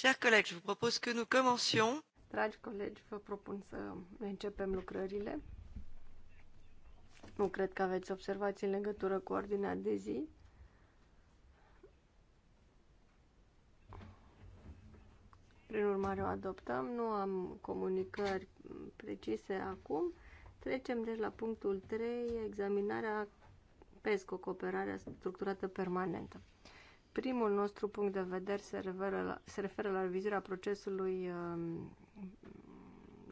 Chers collègues, je vous propose que nous commencions. Dragi colegi, vă propun să începem lucrările. Nu cred că aveți observații în legătură cu ordinea de zi. Prin urmare o adoptăm. Nu am comunicări precise acum. Trecem deci la punctul 3, examinarea PESCO, cooperarea structurată permanentă. Primul nostru punct de vedere se referă la, se referă la revizuirea procesului um,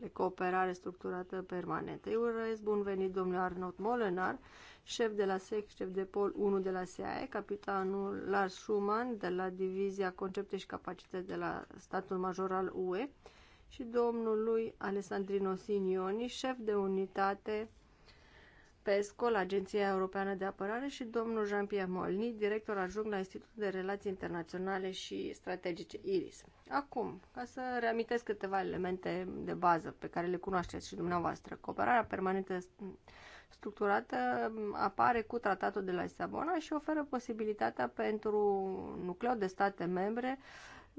de cooperare structurată permanentă. Eu urez bun venit domnul Arnaut Molenar, șef de la SEC, șef de pol 1 de la SAE, capitanul Lars Schumann de la Divizia Concepte și Capacități de la Statul Major al UE și domnului Alessandrino Sinioni, șef de unitate PESCO, la Agenția Europeană de Apărare, și domnul Jean-Pierre Molny, director adjunct la Institutul de Relații Internaționale și Strategice IRIS. Acum, ca să reamintesc câteva elemente de bază pe care le cunoașteți și dumneavoastră, cooperarea permanentă structurată apare cu tratatul de la Lisabona și oferă posibilitatea pentru nucleul de state membre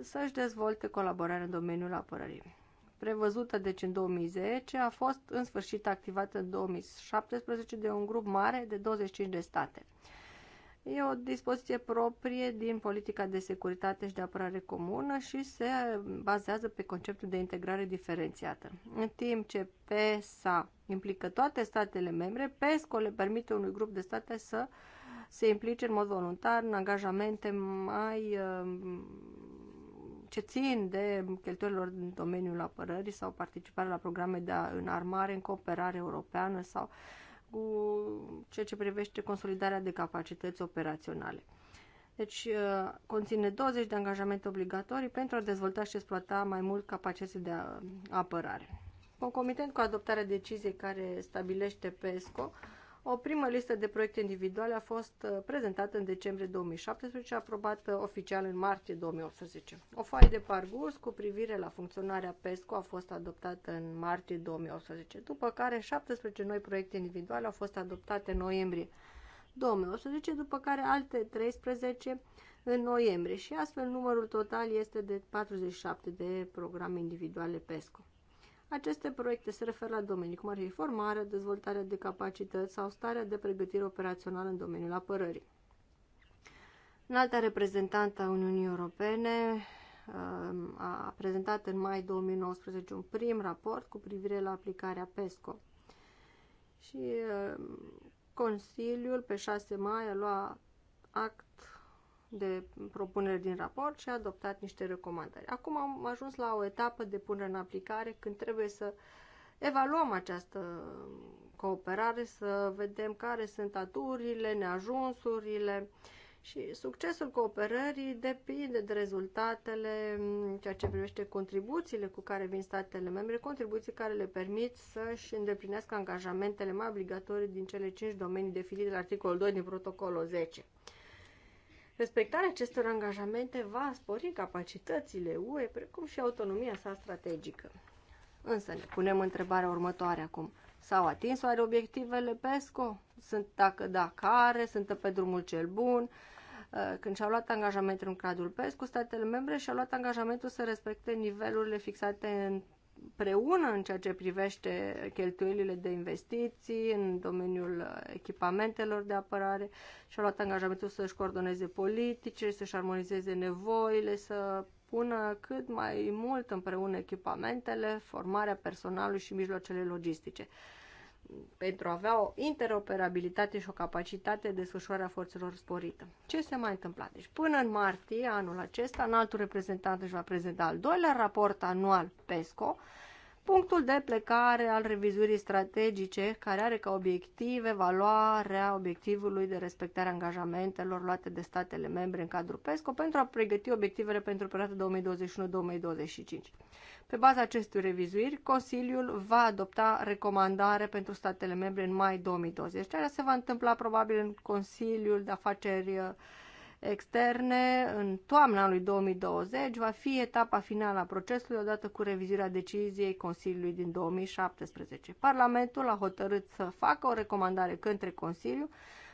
să-și dezvolte colaborarea în domeniul apărării prevăzută deci în 2010, a fost în sfârșit activată în 2017 de un grup mare de 25 de state. E o dispoziție proprie din politica de securitate și de apărare comună și se bazează pe conceptul de integrare diferențiată. În timp ce PESA implică toate statele membre, PESCO le permite unui grup de state să se implice în mod voluntar în angajamente mai uh, ce țin de cheltuielor din domeniul apărării sau participarea la programe de înarmare în cooperare europeană sau cu ceea ce privește consolidarea de capacități operaționale. Deci uh, conține 20 de angajamente obligatorii pentru a dezvolta și exploata mai mult capacități de apărare. Concomitent cu adoptarea deciziei care stabilește PESCO, o primă listă de proiecte individuale a fost uh, prezentată în decembrie 2017 și aprobată oficial în martie 2018. O foaie de parcurs cu privire la funcționarea PESCO a fost adoptată în martie 2018, după care 17 noi proiecte individuale au fost adoptate în noiembrie 2018, după care alte 13 în noiembrie și astfel numărul total este de 47 de programe individuale PESCO. Aceste proiecte se referă la domenii cum ar fi formarea, dezvoltarea de capacități sau starea de pregătire operațională în domeniul apărării. Înalta reprezentantă a Uniunii Europene um, a prezentat în mai 2019 un prim raport cu privire la aplicarea PESCO. Și um, Consiliul pe 6 mai a luat act de propunere din raport și a adoptat niște recomandări. Acum am ajuns la o etapă de punere în aplicare când trebuie să evaluăm această cooperare, să vedem care sunt aturile, neajunsurile și succesul cooperării depinde de rezultatele ceea ce privește contribuțiile cu care vin statele membre, contribuții care le permit să-și îndeplinească angajamentele mai obligatorii din cele 5 domenii definite la articolul 2 din protocolul 10. Respectarea acestor angajamente va spori capacitățile UE, precum și autonomia sa strategică. Însă ne punem întrebarea următoare acum. S-au atins oare obiectivele PESCO? Sunt dacă da, care? Sunt pe drumul cel bun? Uh, când și-au luat angajamentul în cadrul PESCO, statele membre și-au luat angajamentul să respecte nivelurile fixate în împreună în ceea ce privește cheltuielile de investiții în domeniul echipamentelor de apărare și-a luat angajamentul să-și coordoneze politicile, să-și armonizeze nevoile, să pună cât mai mult împreună echipamentele, formarea personalului și mijloacele logistice pentru a avea o interoperabilitate și o capacitate de desfășurare a forțelor sporită. Ce se mai întâmpla? Deci până în martie anul acesta, înaltul reprezentant își va prezenta al doilea raport anual PESCO, punctul de plecare al revizuirii strategice, care are ca obiectiv evaluarea obiectivului de respectare a angajamentelor luate de statele membre în cadrul PESCO pentru a pregăti obiectivele pentru perioada 2021-2025. Pe baza acestui revizuiri, Consiliul va adopta recomandare pentru statele membre în mai 2020. Ceea ce se va întâmpla probabil în Consiliul de Afaceri uh, externe în toamna lui 2020 va fi etapa finală a procesului odată cu revizuirea deciziei Consiliului din 2017. Parlamentul a hotărât să facă o recomandare către Consiliu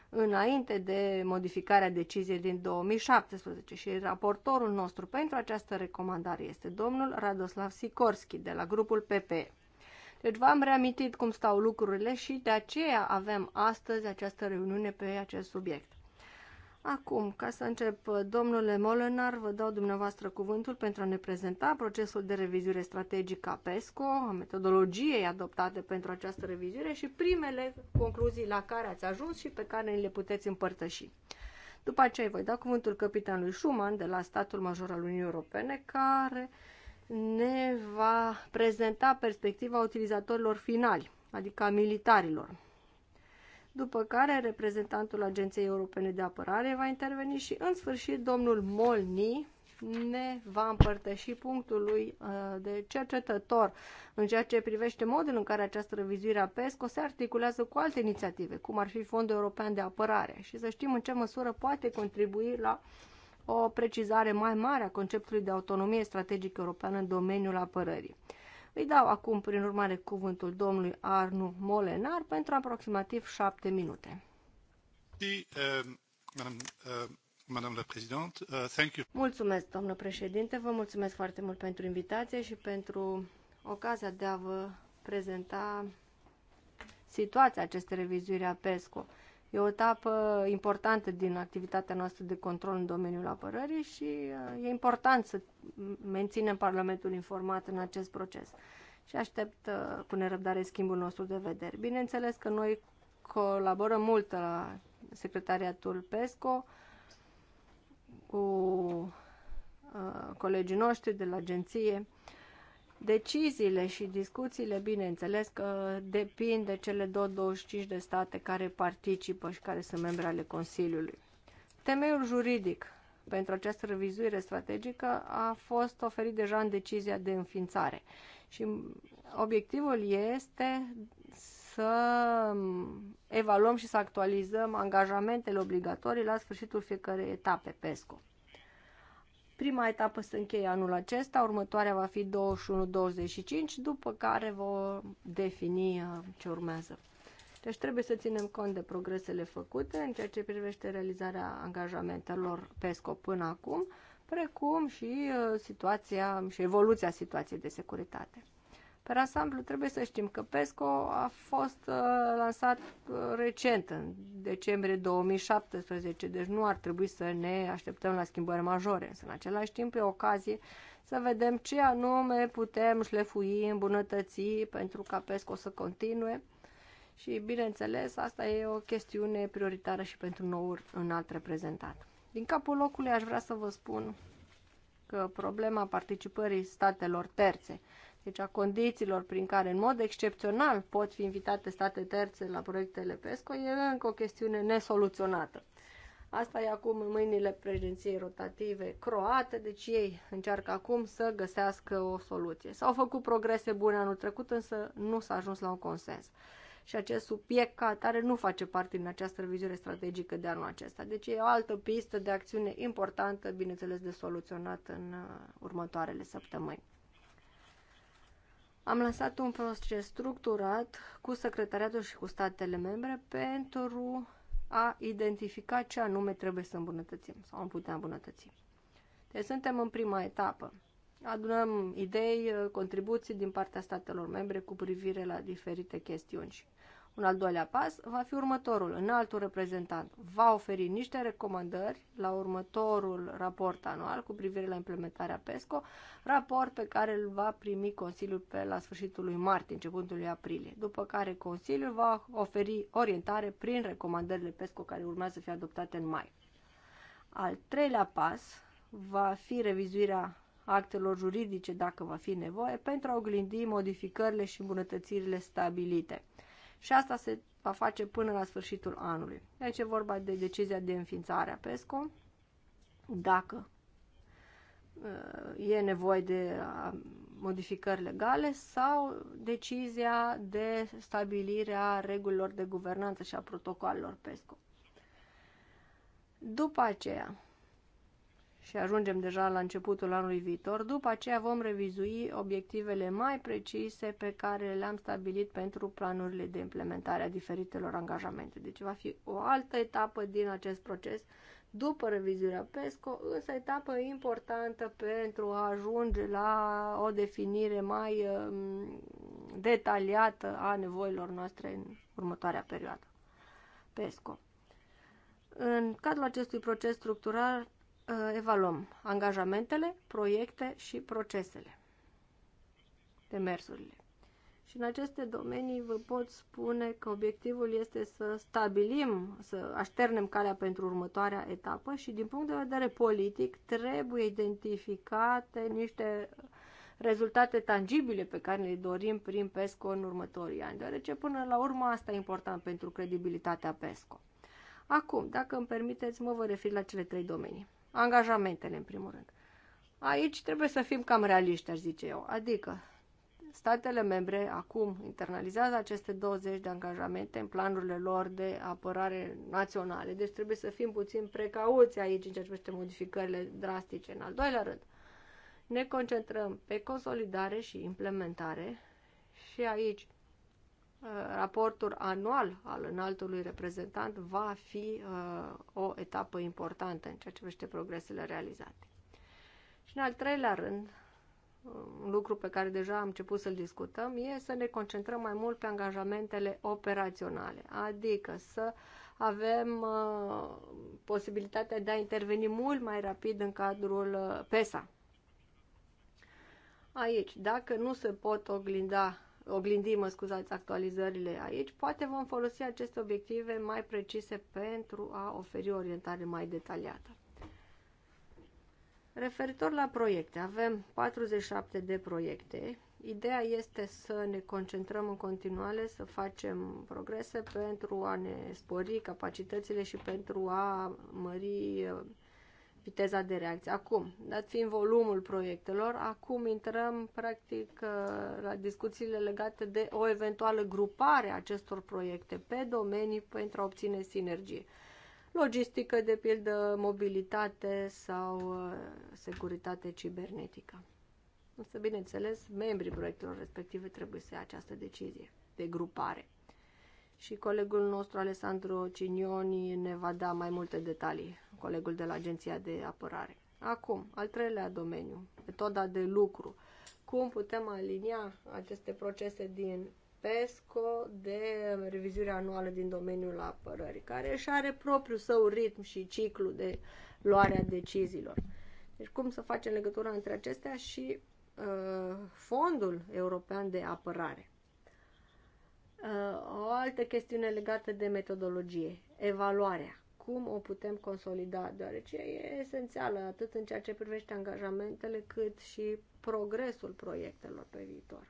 înainte de modificarea deciziei din 2017 și raportorul nostru pentru această recomandare este domnul Radoslav Sikorski de la grupul PPE. Deci v-am reamintit cum stau lucrurile și de aceea avem astăzi această reuniune pe acest subiect. Acum, ca să încep, domnule Molenar, vă dau dumneavoastră cuvântul pentru a ne prezenta procesul de revizuire strategică a PESCO, a metodologiei adoptate pentru această revizuire și primele concluzii la care ați ajuns și pe care le puteți împărtăși. După aceea voi da cuvântul capitanului Schumann de la statul major al Uniunii Europene, care ne va prezenta perspectiva utilizatorilor finali, adică a militarilor, după care reprezentantul Agenției Europene de Apărare va interveni și, în sfârșit, domnul Molni ne va împărtăși punctul lui uh, de cercetător în ceea ce privește modul în care această revizuire a PESCO se articulează cu alte inițiative, cum ar fi Fondul European de Apărare și să știm în ce măsură poate contribui la o precizare mai mare a conceptului de autonomie strategică europeană în domeniul apărării. Îi dau acum, prin urmare, cuvântul domnului Arnu Molenar pentru aproximativ șapte minute. Euh, euh, euh, mulțumesc, domnule președinte, vă mulțumesc foarte mult pentru invitație și pentru ocazia de a vă prezenta situația acestei revizuiri a PESCO. E o etapă importantă din activitatea noastră de control în domeniul apărării și uh, e important să menținem Parlamentul informat în acest proces. Și aștept uh, cu nerăbdare schimbul nostru de vederi. Bineînțeles că noi colaborăm mult la secretariatul PESCO cu uh, colegii noștri de la agenție Deciziile și discuțiile, bineînțeles, că depind de cele 25 de state care participă și care sunt membre ale Consiliului. Temeiul juridic pentru această revizuire strategică a fost oferit deja în decizia de înființare și obiectivul este să evaluăm și să actualizăm angajamentele obligatorii la sfârșitul fiecărei etape PESCO. Prima etapă se încheie anul acesta, următoarea va fi 21-25, după care vom defini uh, ce urmează. Deci trebuie să ținem cont de progresele făcute în ceea ce privește realizarea angajamentelor PESCO până acum, precum și uh, situația și evoluția situației de securitate. Per ansamblu, trebuie să știm că PESCO a fost uh, lansat uh, recent, în decembrie 2017, deci nu ar trebui să ne așteptăm la schimbări majore. Însă, în același timp, e ocazie să vedem ce anume putem șlefui, îmbunătăți pentru ca PESCO să continue. Și, bineînțeles, asta e o chestiune prioritară și pentru noul înalt reprezentat. Din capul locului aș vrea să vă spun că problema participării statelor terțe deci a condițiilor prin care în mod excepțional pot fi invitate state terțe la proiectele PESCO, e încă o chestiune nesoluționată. Asta e acum în mâinile președinției rotative croate, deci ei încearcă acum să găsească o soluție. S-au făcut progrese bune anul trecut, însă nu s-a ajuns la un consens. Și acest subiect ca atare nu face parte din această revizuire strategică de anul acesta. Deci e o altă pistă de acțiune importantă, bineînțeles, de soluționat în uh, următoarele săptămâni. Am lansat un proces structurat cu secretariatul și cu statele membre pentru a identifica ce anume trebuie să îmbunătățim sau am putea îmbunătăți. Deci suntem în prima etapă. Adunăm idei, contribuții din partea statelor membre cu privire la diferite chestiuni. Un al doilea pas va fi următorul. Înaltul reprezentant va oferi niște recomandări la următorul raport anual cu privire la implementarea PESCO, raport pe care îl va primi Consiliul pe la sfârșitul lui martie, începutul lui aprilie, după care Consiliul va oferi orientare prin recomandările PESCO care urmează să fie adoptate în mai. Al treilea pas va fi revizuirea actelor juridice, dacă va fi nevoie, pentru a oglindi modificările și îmbunătățirile stabilite și asta se va face până la sfârșitul anului. Aici e vorba de decizia de înființare a PESCO. Dacă uh, e nevoie de uh, modificări legale sau decizia de stabilire a regulilor de guvernanță și a protocolelor PESCO. După aceea, și ajungem deja la începutul anului viitor, după aceea vom revizui obiectivele mai precise pe care le-am stabilit pentru planurile de implementare a diferitelor angajamente. Deci va fi o altă etapă din acest proces după revizuirea PESCO, însă etapă importantă pentru a ajunge la o definire mai um, detaliată a nevoilor noastre în următoarea perioadă. PESCO. În cadrul acestui proces structural, Uh, evaluăm angajamentele, proiecte și procesele, demersurile. Și în aceste domenii vă pot spune că obiectivul este să stabilim, să așternem calea pentru următoarea etapă și din punct de vedere politic trebuie identificate niște rezultate tangibile pe care le dorim prin PESCO în următorii ani, deoarece până la urmă asta e important pentru credibilitatea PESCO. Acum, dacă îmi permiteți, mă voi referi la cele trei domenii angajamentele, în primul rând. Aici trebuie să fim cam realiști, aș zice eu. Adică, statele membre acum internalizează aceste 20 de angajamente în planurile lor de apărare naționale. Deci trebuie să fim puțin precauți aici în ceea ce privește modificările drastice. În al doilea rând, ne concentrăm pe consolidare și implementare și aici raportul anual al înaltului reprezentant va fi uh, o etapă importantă în ceea ce privește progresele realizate. Și în al treilea rând, un lucru pe care deja am început să-l discutăm, e să ne concentrăm mai mult pe angajamentele operaționale, adică să avem uh, posibilitatea de a interveni mult mai rapid în cadrul uh, PESA. Aici, dacă nu se pot oglinda oglindim, mă scuzați, actualizările aici, poate vom folosi aceste obiective mai precise pentru a oferi o orientare mai detaliată. Referitor la proiecte, avem 47 de proiecte. Ideea este să ne concentrăm în continuare, să facem progrese pentru a ne spori capacitățile și pentru a mări viteza de reacție. Acum, dat fiind volumul proiectelor, acum intrăm practic uh, la discuțiile legate de o eventuală grupare a acestor proiecte pe domenii pentru a obține sinergie. Logistică, de pildă, mobilitate sau uh, securitate cibernetică. Însă, bineînțeles, membrii proiectelor respective trebuie să ia această decizie de grupare și colegul nostru Alessandro Cignoni ne va da mai multe detalii, colegul de la Agenția de Apărare. Acum, al treilea domeniu, metoda de lucru. Cum putem alinia aceste procese din PESCO de revizuire anuală din domeniul apărării, care își are propriul său ritm și ciclu de luare deciziilor. Deci cum să facem legătura între acestea și uh, Fondul European de Apărare. Uh, o altă chestiune legată de metodologie, evaluarea. Cum o putem consolida, deoarece e esențială atât în ceea ce privește angajamentele, cât și progresul proiectelor pe viitor.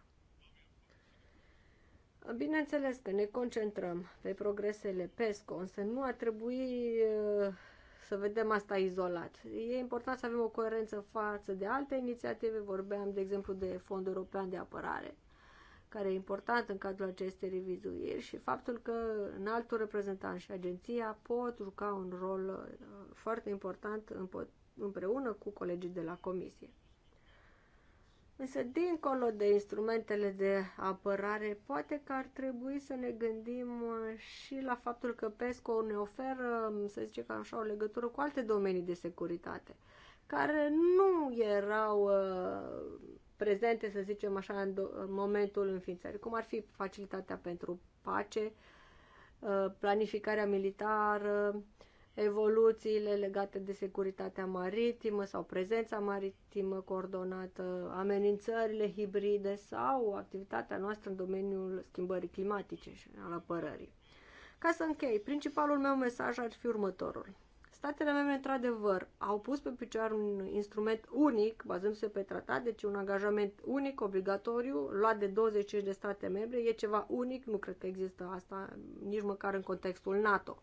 Bineînțeles că ne concentrăm pe progresele PESCO, însă nu ar trebui uh, să vedem asta izolat. E important să avem o coerență față de alte inițiative. Vorbeam, de exemplu, de Fondul European de Apărare care e important în cadrul acestei revizuiri și faptul că în altul reprezentant și agenția pot juca un rol uh, foarte important împreună cu colegii de la comisie. Însă, dincolo de instrumentele de apărare, poate că ar trebui să ne gândim uh, și la faptul că PESCO ne oferă, um, să zicem așa, o legătură cu alte domenii de securitate, care nu erau uh, prezente, să zicem așa, în, în momentul înființării, cum ar fi facilitatea pentru pace, uh, planificarea militară, evoluțiile legate de securitatea maritimă sau prezența maritimă coordonată, amenințările hibride sau activitatea noastră în domeniul schimbării climatice și al apărării. Ca să închei, principalul meu mesaj ar fi următorul statele membre, într-adevăr, au pus pe picior un instrument unic, bazându-se pe tratat, deci un angajament unic, obligatoriu, luat de 25 de state membre, e ceva unic, nu cred că există asta nici măcar în contextul NATO.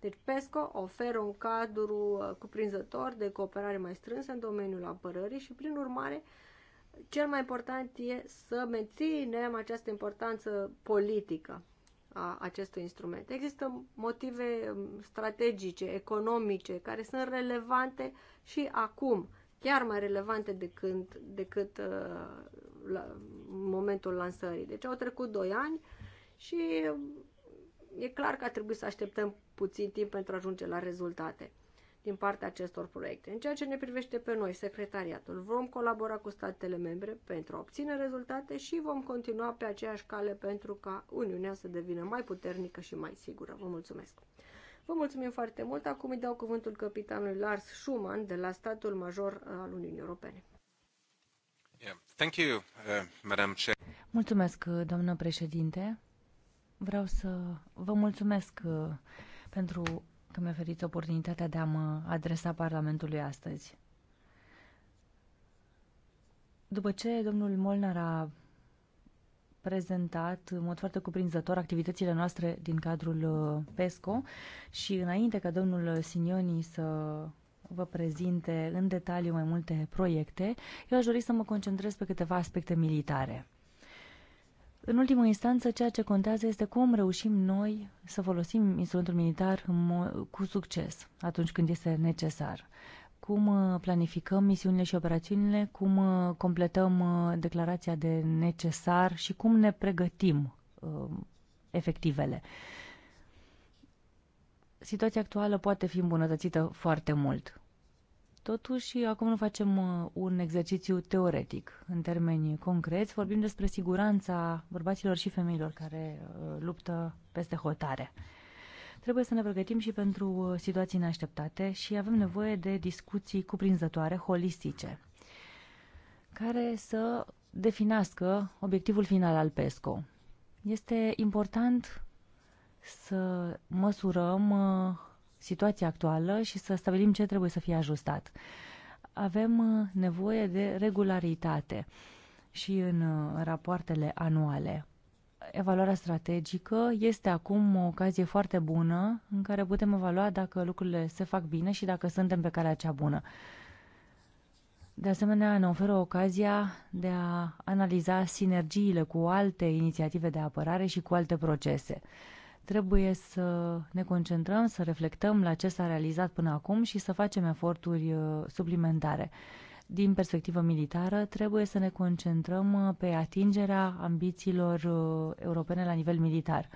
Deci PESCO oferă un cadru uh, cuprinzător de cooperare mai strânsă în domeniul apărării și, prin urmare, cel mai important e să menținem această importanță politică a acestui instrument. Există motive um, strategice, economice, care sunt relevante și acum, chiar mai relevante decât, decât uh, la momentul lansării. Deci au trecut 2 ani și um, e clar că a trebuit să așteptăm puțin timp pentru a ajunge la rezultate din partea acestor proiecte. În ceea ce ne privește pe noi, secretariatul, vom colabora cu statele membre pentru a obține rezultate și vom continua pe aceeași cale pentru ca Uniunea să devină mai puternică și mai sigură. Vă mulțumesc! Vă mulțumim foarte mult. Acum îi dau cuvântul capitanului Lars Schumann de la statul major al Uniunii Europene. Yeah. Thank you, uh, Mulțumesc, doamnă președinte. Vreau să vă mulțumesc uh, pentru că mi-a oferit oportunitatea de a mă adresa Parlamentului astăzi. După ce domnul Molnar a prezentat în mod foarte cuprinzător activitățile noastre din cadrul uh, PESCO și înainte ca domnul Sinioni să vă prezinte în detaliu mai multe proiecte, eu aș dori să mă concentrez pe câteva aspecte militare. În ultimă instanță, ceea ce contează este cum reușim noi să folosim instrumentul militar cu succes atunci când este necesar. Cum uh, planificăm misiunile și operațiunile, cum uh, completăm uh, declarația de necesar și cum ne pregătim efectivele. Situația actuală poate fi îmbunătățită foarte mult Totuși, acum nu facem uh, un exercițiu teoretic. În termeni concreți, vorbim despre siguranța bărbaților și femeilor care uh, luptă peste hotare. Trebuie să ne pregătim și pentru uh, situații neașteptate și avem nevoie de discuții cuprinzătoare, holistice, care să definească obiectivul final al PESCO. Este important să măsurăm situația actuală și să stabilim ce trebuie să fie ajustat. Avem uh, nevoie de regularitate și uh, în rapoartele anuale. Evaluarea strategică este acum o ocazie foarte bună în care putem evalua dacă lucrurile se fac bine și dacă suntem pe calea cea bună. De asemenea, ne oferă ocazia de a analiza sinergiile cu alte inițiative de apărare și cu alte procese. Trebuie să ne concentrăm, să reflectăm la ce s-a realizat până acum și să facem eforturi uh, suplimentare. Din perspectivă militară, trebuie să ne concentrăm uh, pe atingerea ambițiilor uh, europene la nivel militar.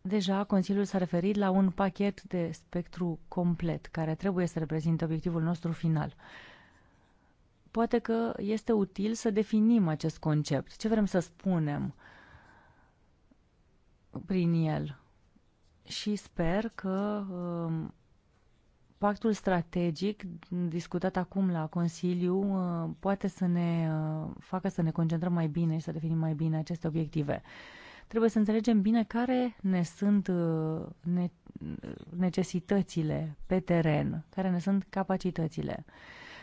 Deja Consiliul s-a referit la un pachet de spectru complet, care trebuie să reprezinte obiectivul nostru final. Poate că este util să definim acest concept. Ce vrem să spunem? prin el și sper că um, pactul strategic discutat acum la Consiliu uh, poate să ne uh, facă să ne concentrăm mai bine și să definim mai bine aceste obiective. Trebuie să înțelegem bine care ne sunt uh, necesitățile pe teren, care ne sunt capacitățile.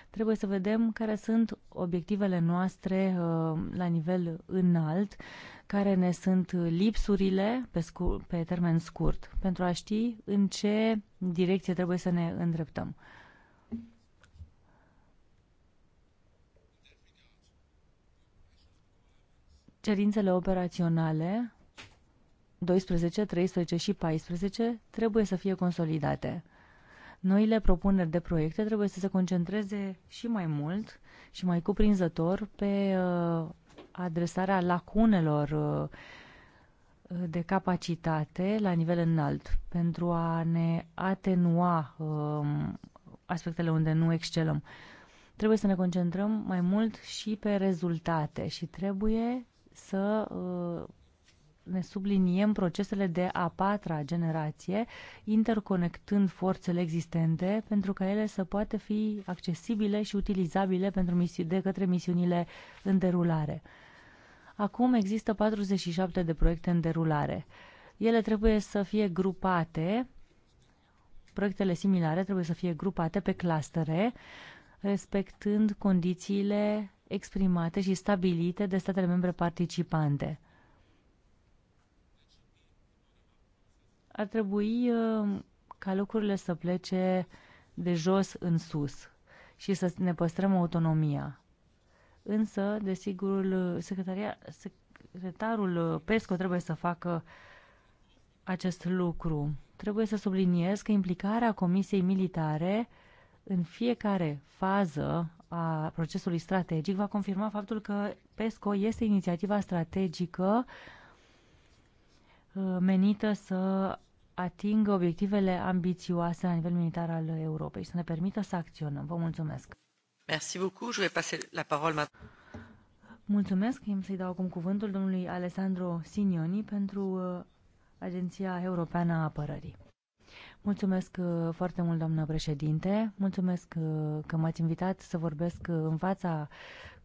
Trebuie să vedem care sunt obiectivele noastre uh, la nivel înalt, care ne sunt lipsurile pe, scu- pe termen scurt, pentru a ști în ce direcție trebuie să ne îndreptăm. Cerințele operaționale 12, 13 și 14 trebuie să fie consolidate. Noile propuneri de proiecte trebuie să se concentreze și mai mult și mai cuprinzător pe uh, adresarea lacunelor uh, de capacitate la nivel înalt pentru a ne atenua um, aspectele unde nu excelăm. Trebuie să ne concentrăm mai mult și pe rezultate și trebuie să uh, ne subliniem procesele de a patra generație, interconectând forțele existente pentru ca ele să poată fi accesibile și utilizabile pentru de către misiunile în derulare. Acum există 47 de proiecte în derulare. Ele trebuie să fie grupate, proiectele similare trebuie să fie grupate pe clastere, respectând condițiile exprimate și stabilite de statele membre participante. ar trebui uh, ca lucrurile să plece de jos în sus și să ne păstrăm autonomia. Însă, desigur, secretarul PESCO trebuie să facă acest lucru. Trebuie să subliniez că implicarea Comisiei Militare în fiecare fază a procesului strategic va confirma faptul că PESCO este inițiativa strategică uh, menită să atingă obiectivele ambițioase la nivel militar al Europei și să ne permită să acționăm. Vă mulțumesc! Merci beaucoup. Je vais passer la parole maintenant. Mulțumesc. Îmi să-i dau acum cuvântul domnului Alessandro Signoni pentru uh, Agenția Europeană a Apărării. Mulțumesc uh, foarte mult, doamnă președinte. Mulțumesc uh, că m-ați invitat să vorbesc în fața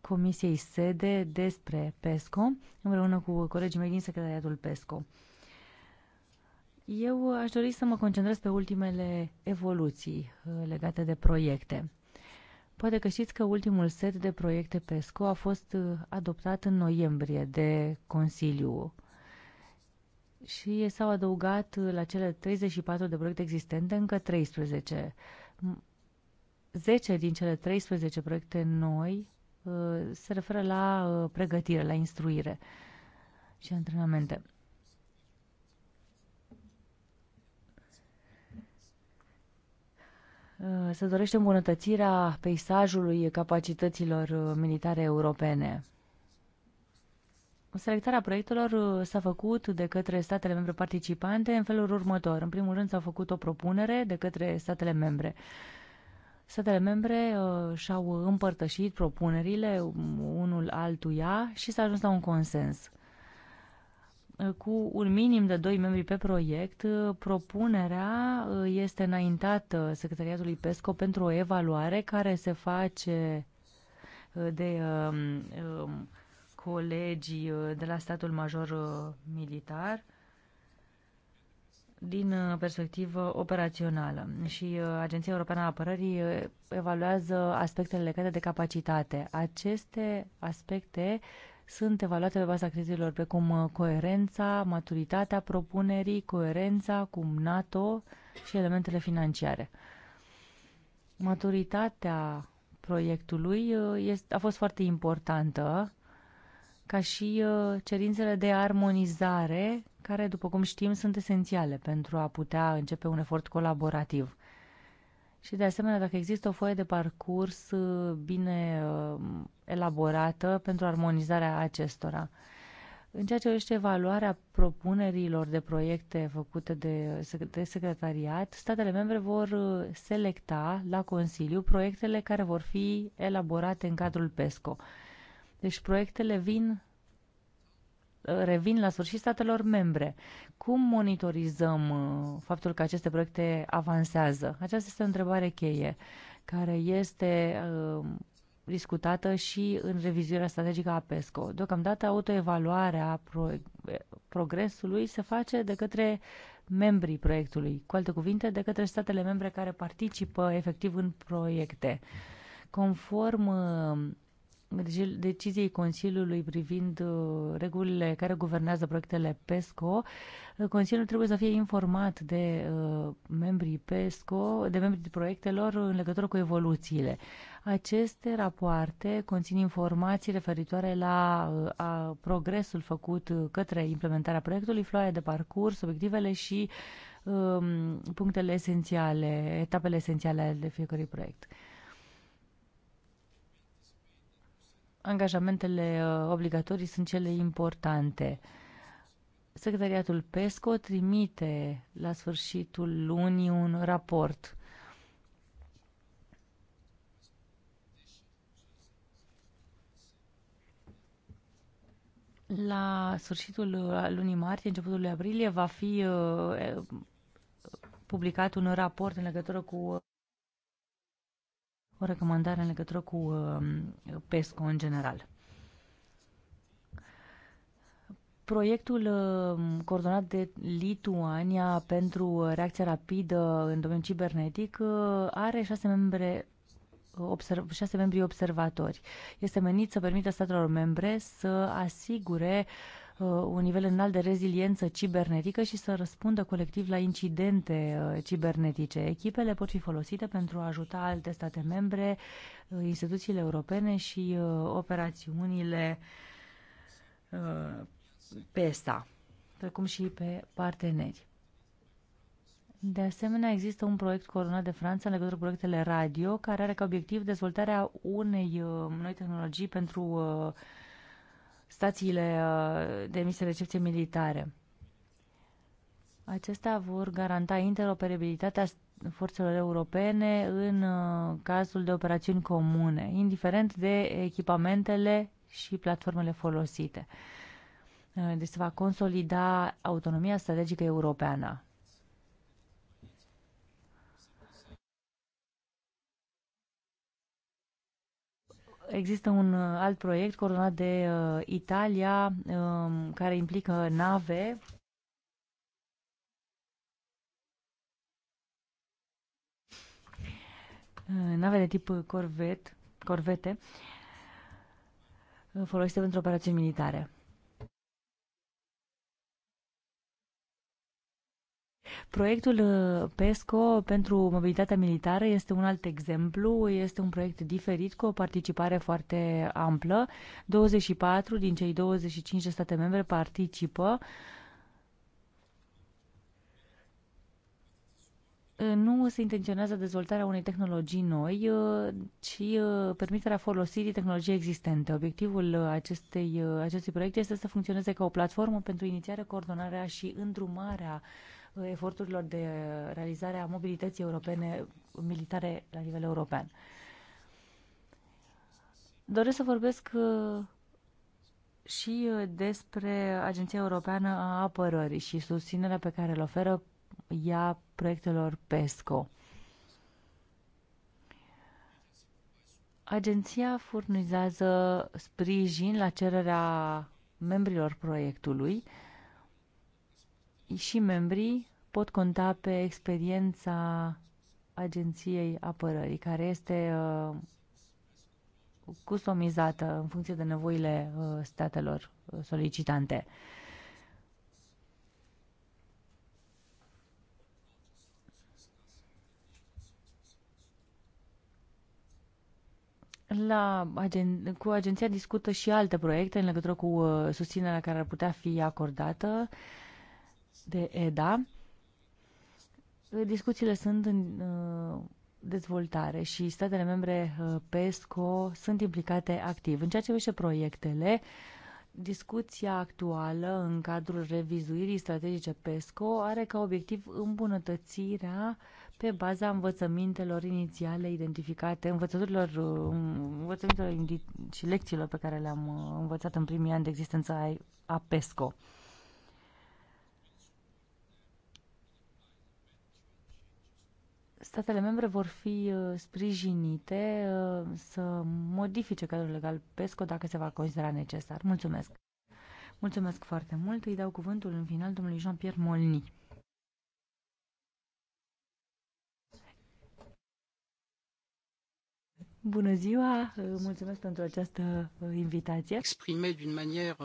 Comisiei Sede despre PESCO, împreună cu colegii mei din Secretariatul PESCO. Eu aș dori să mă concentrez pe ultimele evoluții uh, legate de proiecte. Poate că știți că ultimul set de proiecte PESCO a fost uh, adoptat în noiembrie de Consiliu și s-au adăugat uh, la cele 34 de proiecte existente încă 13. 10 din cele 13 proiecte noi se referă la pregătire, la instruire și antrenamente. Uh, se dorește îmbunătățirea peisajului capacităților uh, militare europene. Selectarea proiectelor uh, s-a făcut de către statele membre participante în felul următor. În primul rând s-a făcut o propunere de către statele membre. Statele membre uh, și-au împărtășit propunerile unul altuia și s-a ajuns la un consens. Uh, cu un minim de doi membri pe proiect. Uh, propunerea uh, este înaintată Secretariatului PESCO pentru o evaluare care se face de um, um, colegii de la statul major militar din perspectivă operațională și Agenția Europeană a Apărării evaluează aspectele legate de capacitate. Aceste aspecte uh, sunt evaluate pe baza criteriilor precum uh, coerența, maturitatea propunerii, coerența cu NATO și elementele financiare. Maturitatea proiectului uh, este, a fost foarte importantă, ca și uh, cerințele de armonizare, care, după cum știm, sunt esențiale pentru a putea începe un efort colaborativ. Și de asemenea, dacă există o foaie de parcurs uh, bine uh, elaborată pentru armonizarea acestora. În ceea ce privește evaluarea propunerilor de proiecte făcute de, de secretariat, statele membre vor uh, selecta la Consiliu proiectele care vor fi elaborate în cadrul PESCO. Deci proiectele vin revin la sfârșit statelor membre. Cum monitorizăm uh, faptul că aceste proiecte avansează? Aceasta este o întrebare cheie care este uh, discutată și în revizuirea strategică a PESCO. Deocamdată autoevaluarea pro- eh, progresului se face de către membrii proiectului, cu alte cuvinte, de către statele membre care participă efectiv în proiecte. Conform uh, deci, deciziei Consiliului privind uh, regulile care guvernează proiectele PESCO, uh, Consiliul trebuie să fie informat de uh, membrii PESCO, de membrii proiectelor în legătură cu evoluțiile. Aceste rapoarte conțin informații referitoare la a, progresul făcut către implementarea proiectului, floaia de parcurs, obiectivele și a, um, punctele esențiale, etapele esențiale ale fiecărui proiect. angajamentele uh, obligatorii sunt cele importante. Secretariatul PESCO trimite la sfârșitul lunii un raport La sfârșitul uh, lunii martie, începutul lui aprilie, va fi uh, publicat un raport în legătură cu o recomandare în legătură cu um, PESCO în general. Proiectul um, coordonat de Lituania pentru reacția rapidă în domeniul cibernetic uh, are șase membre observ, șase membri observatori. Este menit să permită statelor membre să asigure uh, Uh, un nivel înalt de reziliență cibernetică și să răspundă colectiv la incidente uh, cibernetice. Echipele pot fi folosite pentru a ajuta alte state membre, uh, instituțiile europene și operațiunile PESA, precum și pe parteneri. De asemenea, există un proiect coronat de Franța în legătură cu proiectele radio, care are ca obiectiv dezvoltarea unei noi tehnologii pentru uh, stațiile uh, de emisie recepție militare. Acestea vor garanta interoperabilitatea forțelor europene în uh, cazul de operațiuni comune, indiferent de echipamentele și platformele folosite. Uh, deci se va consolida autonomia strategică europeană. Există un uh, alt proiect coordonat de uh, Italia um, care implică nave uh, nave de tip corvet, corvete folosite pentru operațiuni militare. Proiectul uh, PESCO pentru mobilitatea militară este un alt exemplu, este un proiect diferit cu o participare foarte amplă. 24 din cei 25 de state membre participă. Uh, nu se intenționează dezvoltarea unei tehnologii noi, uh, ci permiterea folosirii tehnologiei existente. Obiectivul acestei, acestui proiect este să funcționeze ca o platformă pentru inițiarea, coordonarea și îndrumarea Uh, eforturilor de realizare a mobilității europene militare la nivel european. Doresc să vorbesc uh, și uh, despre Agenția Europeană a Apărării și susținerea pe care îl oferă ea proiectelor PESCO. Agenția furnizează sprijin la cererea membrilor proiectului uh, și membrii pot conta pe experiența Agenției Apărării, care este uh, customizată în funcție de nevoile uh, statelor uh, solicitante. La agen- cu agenția discută și alte proiecte în legătură cu uh, susținerea care ar putea fi acordată. Uh, de EDA. Discuțiile sunt în uh, dezvoltare și statele membre uh, PESCO sunt implicate activ. În ceea ce vește proiectele, discuția actuală în cadrul revizuirii strategice PESCO are ca obiectiv îmbunătățirea pe baza învățămintelor inițiale identificate, învățăturilor, uh, învățămintelor și lecțiilor pe care le-am învățat în primii ani de existență a PESCO. statele membre vor fi uh, sprijinite uh, să modifice cadrul legal PESCO dacă se va considera necesar. Mulțumesc! Mulțumesc foarte mult! Îi dau cuvântul în final domnului Jean-Pierre Molny. Bună ziua! Mulțumesc pentru această uh, invitație. Exprimez d'une manière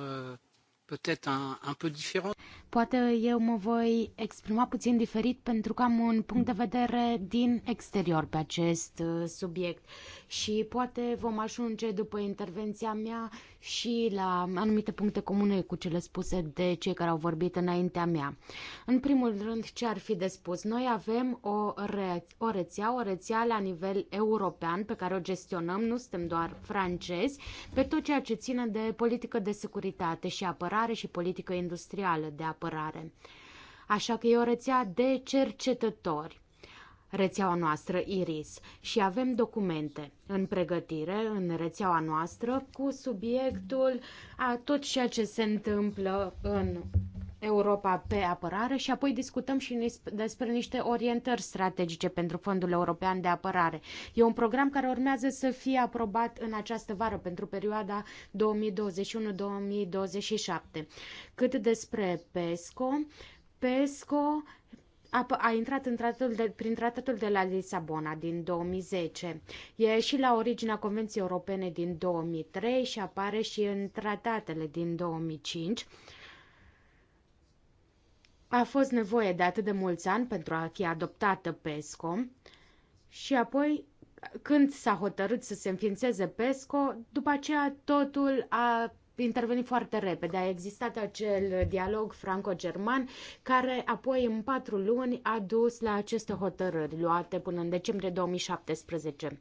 Poate eu mă voi exprima puțin diferit pentru că am un punct de vedere din exterior pe acest uh, subiect și poate vom ajunge după intervenția mea și la anumite puncte comune cu cele spuse de cei care au vorbit înaintea mea. În primul rând, ce ar fi de spus? Noi avem o, re- o rețea, o rețea la nivel european pe care o gestionăm, nu suntem doar francezi, pe tot ceea ce ține de politică de securitate și apărare și politică industrială de apărare. Așa că e o rețea de cercetători rețeaua noastră IRIS și avem documente în pregătire în rețeaua noastră cu subiectul a tot ceea ce se întâmplă în Europa pe apărare și apoi discutăm și despre niște orientări strategice pentru Fondul European de Apărare. E un program care urmează să fie aprobat în această vară pentru perioada 2021-2027. Cât despre PESCO, PESCO a, a intrat în tratatul de, prin tratatul de la Lisabona din 2010. E și la originea Convenției Europene din 2003 și apare și în tratatele din 2005. A fost nevoie de atât de mulți ani pentru a fi adoptată PESCO și apoi când s-a hotărât să se înființeze PESCO, după aceea totul a intervenit foarte repede. A existat acel dialog franco-german care apoi în patru luni a dus la aceste hotărâri luate până în decembrie 2017.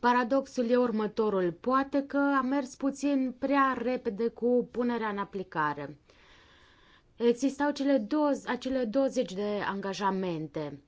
Paradoxul e următorul. Poate că a mers puțin prea repede cu punerea în aplicare. Existau cele 20, acele 20 de angajamente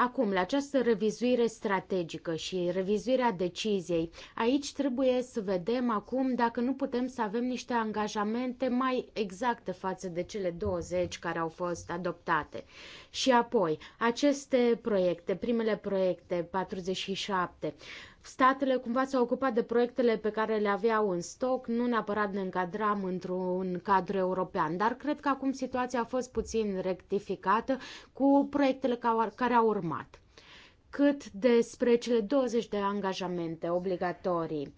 Acum, la această revizuire strategică și revizuirea deciziei, aici trebuie să vedem acum dacă nu putem să avem niște angajamente mai exacte față de cele 20 care au fost adoptate. Și apoi, aceste proiecte, primele proiecte, 47, statele cumva s-au ocupat de proiectele pe care le aveau în stoc, nu neapărat ne încadram într-un cadru european, dar cred că acum situația a fost puțin rectificată cu proiectele care au urmat cât despre cele 20 de angajamente obligatorii.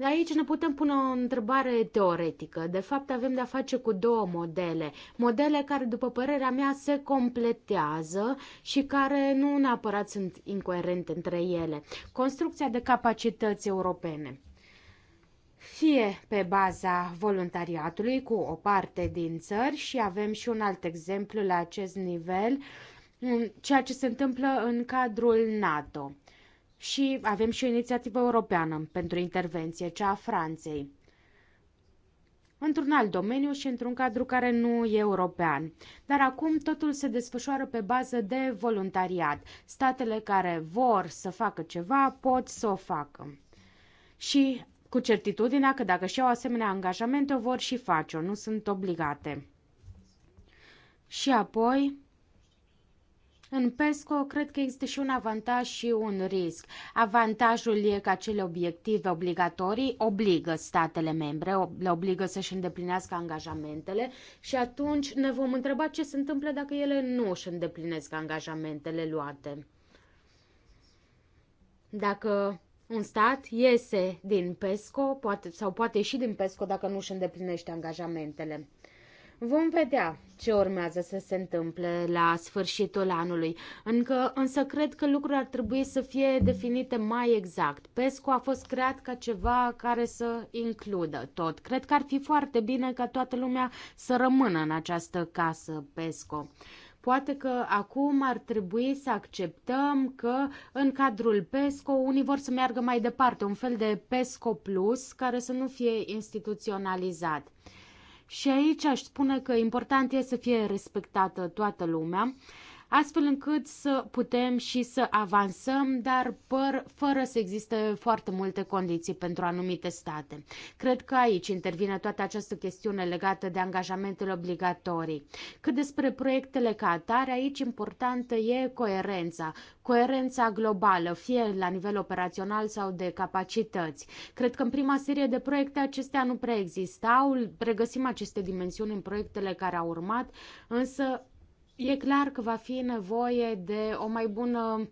Aici ne putem pune o întrebare teoretică. De fapt, avem de-a face cu două modele. Modele care, după părerea mea, se completează și care nu neapărat sunt incoerente între ele. Construcția de capacități europene fie pe baza voluntariatului cu o parte din țări și avem și un alt exemplu la acest nivel, ceea ce se întâmplă în cadrul NATO și avem și o inițiativă europeană pentru intervenție, cea a Franței într-un alt domeniu și într-un cadru care nu e european. Dar acum totul se desfășoară pe bază de voluntariat. Statele care vor să facă ceva pot să o facă. Și cu certitudinea că dacă și au asemenea angajamente, o vor și face, o nu sunt obligate. Și apoi, în PESCO cred că există și un avantaj și un risc. Avantajul e că acele obiective obligatorii obligă statele membre, le obligă să-și îndeplinească angajamentele și atunci ne vom întreba ce se întâmplă dacă ele nu își îndeplinesc angajamentele luate. Dacă un stat iese din PESCO poate, sau poate ieși din PESCO dacă nu își îndeplinește angajamentele. Vom vedea ce urmează să se întâmple la sfârșitul anului. Încă, însă cred că lucrurile ar trebui să fie definite mai exact. PESCO a fost creat ca ceva care să includă tot. Cred că ar fi foarte bine ca toată lumea să rămână în această casă PESCO. Poate că acum ar trebui să acceptăm că în cadrul PESCO unii vor să meargă mai departe, un fel de PESCO Plus care să nu fie instituționalizat. Și aici aș spune că important e să fie respectată toată lumea, astfel încât să putem și să avansăm, dar păr, fără să existe foarte multe condiții pentru anumite state. Cred că aici intervine toată această chestiune legată de angajamentele obligatorii. Cât despre proiectele ca atare, aici importantă e coerența, coerența globală, fie la nivel operațional sau de capacități. Cred că în prima serie de proiecte acestea nu prea existau, regăsim aceste dimensiuni în proiectele care au urmat, însă E clar că va fi nevoie de o mai bună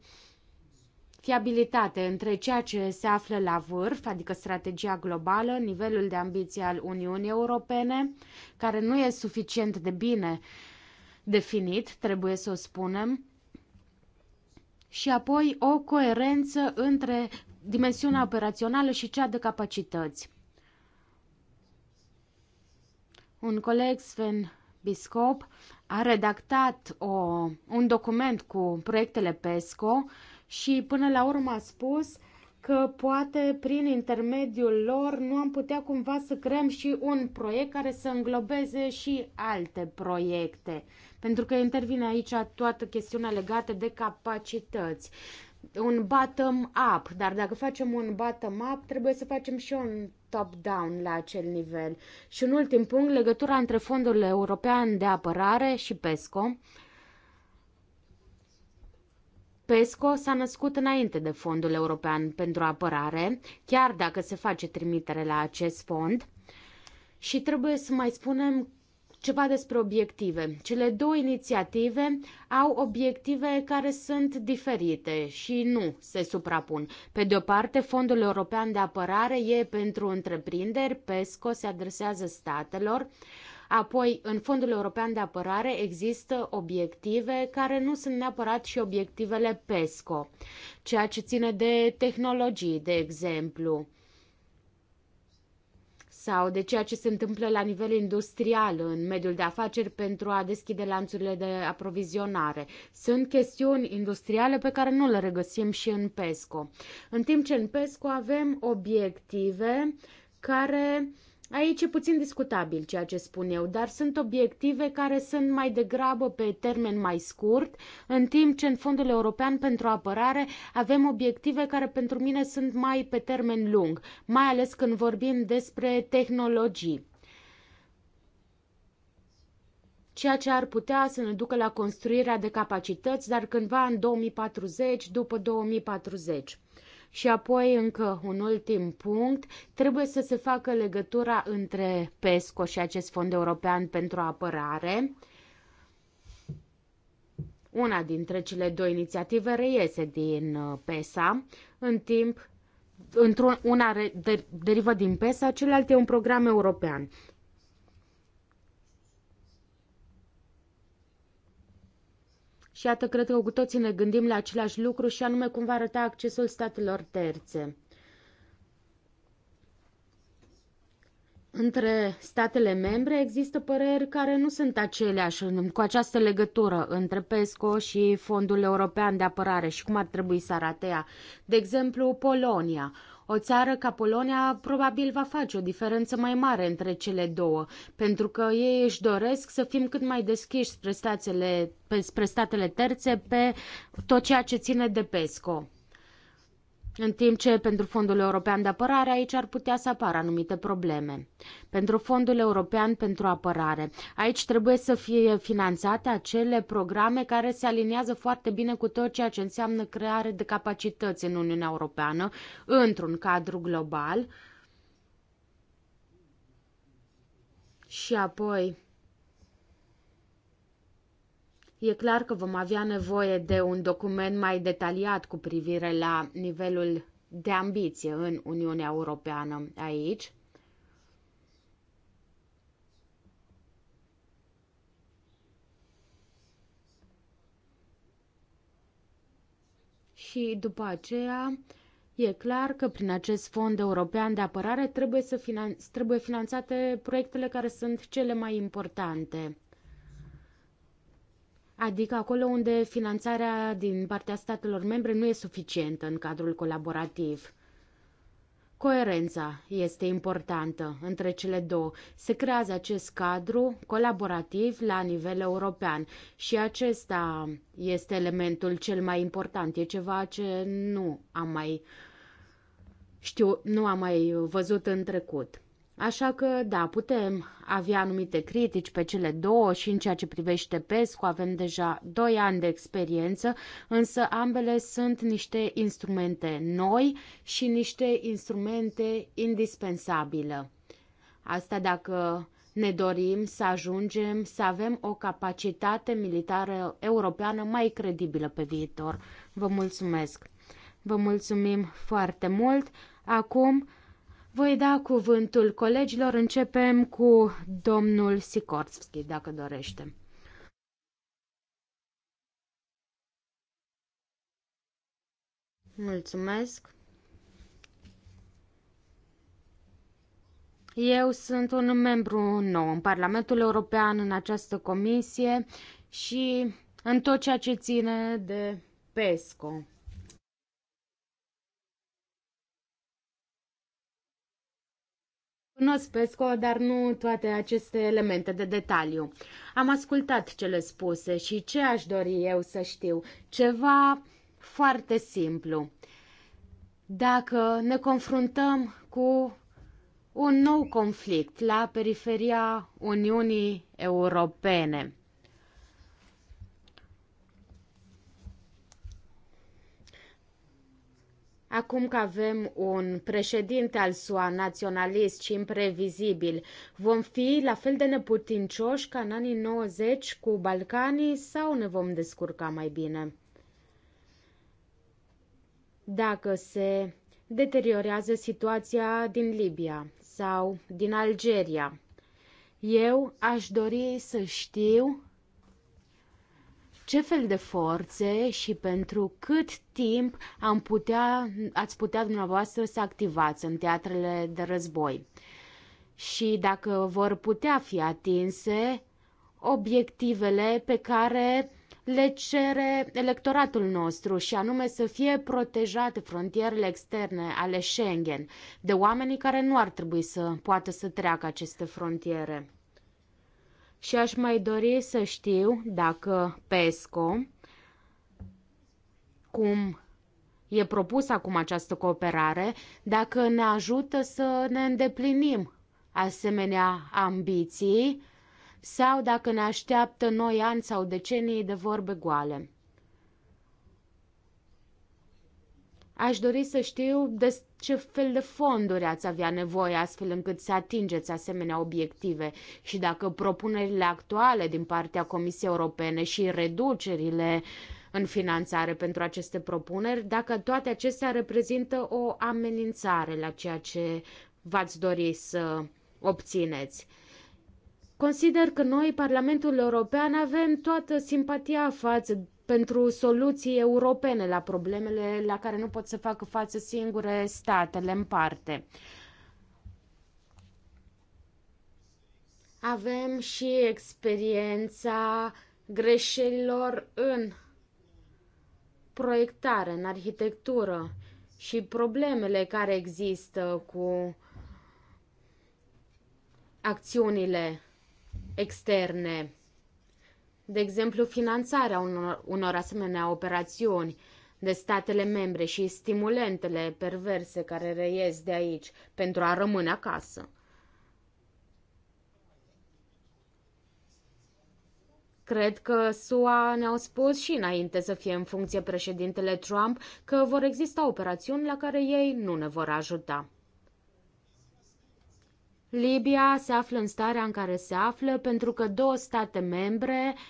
fiabilitate între ceea ce se află la vârf, adică strategia globală, nivelul de ambiție al Uniunii Europene, care nu e suficient de bine definit, trebuie să o spunem, și apoi o coerență între dimensiunea operațională și cea de capacități. Un coleg, Sven Biscop, a redactat o, un document cu proiectele PESCO și până la urmă a spus că poate prin intermediul lor nu am putea cumva să creăm și un proiect care să înglobeze și alte proiecte. Pentru că intervine aici toată chestiunea legată de capacități. Uh, un bottom-up, dar dacă facem un bottom-up, trebuie să facem și un top-down la acel nivel. Și un ultim punct, legătura între fondul european de apărare și PESCO. PESCO s-a născut înainte de Fondul European pentru Apărare, chiar dacă se face trimitere la acest fond. Și trebuie să mai spunem ceva despre obiective. Cele două inițiative au obiective care sunt diferite și nu se suprapun. Pe de o parte, Fondul European de Apărare e pentru întreprinderi, PESCO se adresează statelor, Apoi, în Fondul European de Apărare există obiective care nu sunt neapărat și obiectivele PESCO, ceea ce ține de tehnologii, de exemplu sau de ceea ce se întâmplă la nivel industrial în mediul de afaceri pentru a deschide lanțurile de aprovizionare. Sunt chestiuni industriale pe care nu le regăsim și în PESCO. În timp ce în PESCO avem obiective care uh, Aici e puțin discutabil ceea ce spun eu, dar sunt obiective care sunt mai degrabă pe termen mai scurt, în timp ce în Fondul European pentru Apărare avem obiective care pentru mine sunt mai pe termen lung, mai ales când vorbim despre tehnologii. Ceea ce ar putea să ne ducă la construirea de capacități, dar cândva în 2040, după 2040. Și apoi încă un ultim punct, trebuie să se facă legătura între PESCO și acest fond european pentru apărare. Una dintre cele două inițiative reiese din uh, PESA, în timp, într-una derivă din PESA, celălalt e un program european. Și iată, cred că cu toții ne gândim la același lucru și anume cum va arăta accesul statelor terțe. Între statele membre există păreri care nu sunt aceleași cu această legătură între PESCO și Fondul European de Apărare și cum ar trebui să arate ea. De exemplu, Polonia. O țară ca Polonia probabil va face o diferență mai mare între cele două, pentru că ei își doresc să fim cât mai deschiși spre, stațele, spre statele terțe pe tot ceea ce ține de PESCO. În timp ce pentru Fondul European de Apărare aici ar putea să apară anumite probleme. Pentru Fondul European pentru Apărare, aici trebuie să fie finanțate acele programe care se aliniază foarte bine cu tot ceea ce înseamnă creare de capacități în Uniunea Europeană, într-un cadru global. Și apoi, E clar că vom avea nevoie de un document mai detaliat cu privire la nivelul de ambiție în Uniunea Europeană aici. Și după aceea, E clar că prin acest fond european de apărare trebuie, să finan- trebuie finanțate proiectele care sunt cele mai importante adică acolo unde finanțarea din partea statelor membre nu e suficientă în cadrul colaborativ. Coerența este importantă între cele două. Se creează acest cadru colaborativ la nivel european și acesta este elementul cel mai important. E ceva ce nu am mai știu, nu am mai văzut în trecut. Așa că, da, putem avea anumite critici pe cele două și în ceea ce privește PESCO avem deja 2 ani de experiență, însă ambele sunt niște instrumente noi și niște instrumente indispensabile. Asta dacă ne dorim să ajungem să avem o capacitate militară europeană mai credibilă pe viitor. Vă mulțumesc! Vă mulțumim foarte mult! Acum voi da cuvântul colegilor. Începem cu domnul Sikorski, dacă dorește. Mulțumesc. Eu sunt un membru nou în Parlamentul European, în această comisie și în tot ceea ce ține de PESCO. Cunosc PESCO, dar nu toate aceste elemente de detaliu. Am ascultat cele spuse și ce aș dori eu să știu? Ceva foarte simplu. Dacă ne confruntăm cu un nou conflict la periferia Uniunii Europene, Acum că avem un președinte al SUA naționalist și imprevizibil, vom fi la fel de neputincioși ca în anii 90 cu Balcanii sau ne vom descurca mai bine? Dacă se deteriorează situația din Libia sau din Algeria, eu aș dori să știu ce fel de forțe și pentru cât timp am putea, ați putea dumneavoastră să activați în teatrele de război și dacă vor putea fi atinse obiectivele pe care le cere electoratul nostru și anume să fie protejate frontierele externe ale Schengen de oamenii care nu ar trebui să poată să treacă aceste frontiere și aș mai dori să știu dacă PESCO, cum e propus acum această cooperare, dacă ne ajută să ne îndeplinim asemenea ambiții sau dacă ne așteaptă noi ani sau decenii de vorbe goale. Aș dori să știu de ce fel de fonduri ați avea nevoie astfel încât să atingeți asemenea obiective și dacă propunerile actuale din partea Comisiei Europene și reducerile în finanțare pentru aceste propuneri, dacă toate acestea reprezintă o amenințare la ceea ce v-ați dori să obțineți. Consider că noi, Parlamentul European, avem toată simpatia față pentru soluții europene la problemele la care nu pot să facă față singure statele în parte. Avem și experiența greșelilor în proiectare, în arhitectură și problemele care există cu acțiunile externe de exemplu, finanțarea unor, unor asemenea operațiuni de statele membre și stimulentele perverse care reies de aici pentru a rămâne acasă. Cred că SUA ne-au spus și înainte să fie în funcție președintele Trump că vor exista operațiuni la care ei nu ne vor ajuta. Libia se află în starea în care se află pentru că două state membre uh,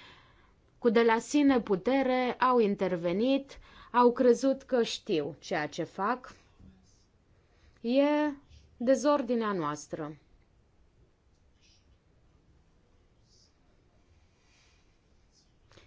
cu de la sine putere, au intervenit, au crezut că știu ceea ce fac. E dezordinea noastră.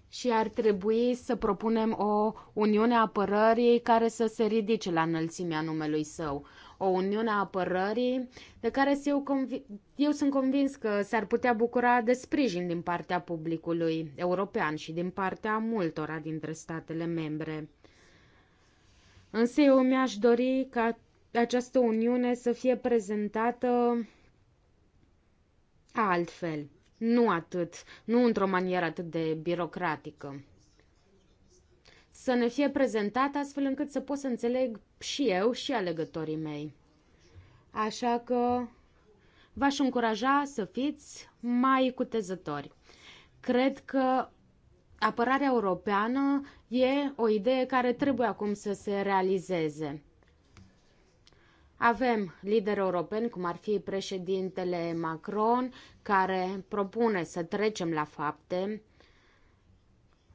și ar trebui să propunem o Uniune a Apărării care să se ridice la înălțimea numelui său o uniune a apărării, de care eu, eu sunt convins că s-ar putea bucura de sprijin din partea publicului european și din partea multora dintre statele membre. Însă eu mi-aș dori ca această uniune să fie prezentată altfel, nu atât, nu într-o manieră atât de birocratică să ne fie prezentat astfel încât să pot să înțeleg și eu și alegătorii mei. Așa că v-aș încuraja să fiți mai cutezători. Cred că apărarea europeană e o idee care trebuie acum să se realizeze. Avem lideri europeni, cum ar fi președintele Macron, care propune să trecem la fapte,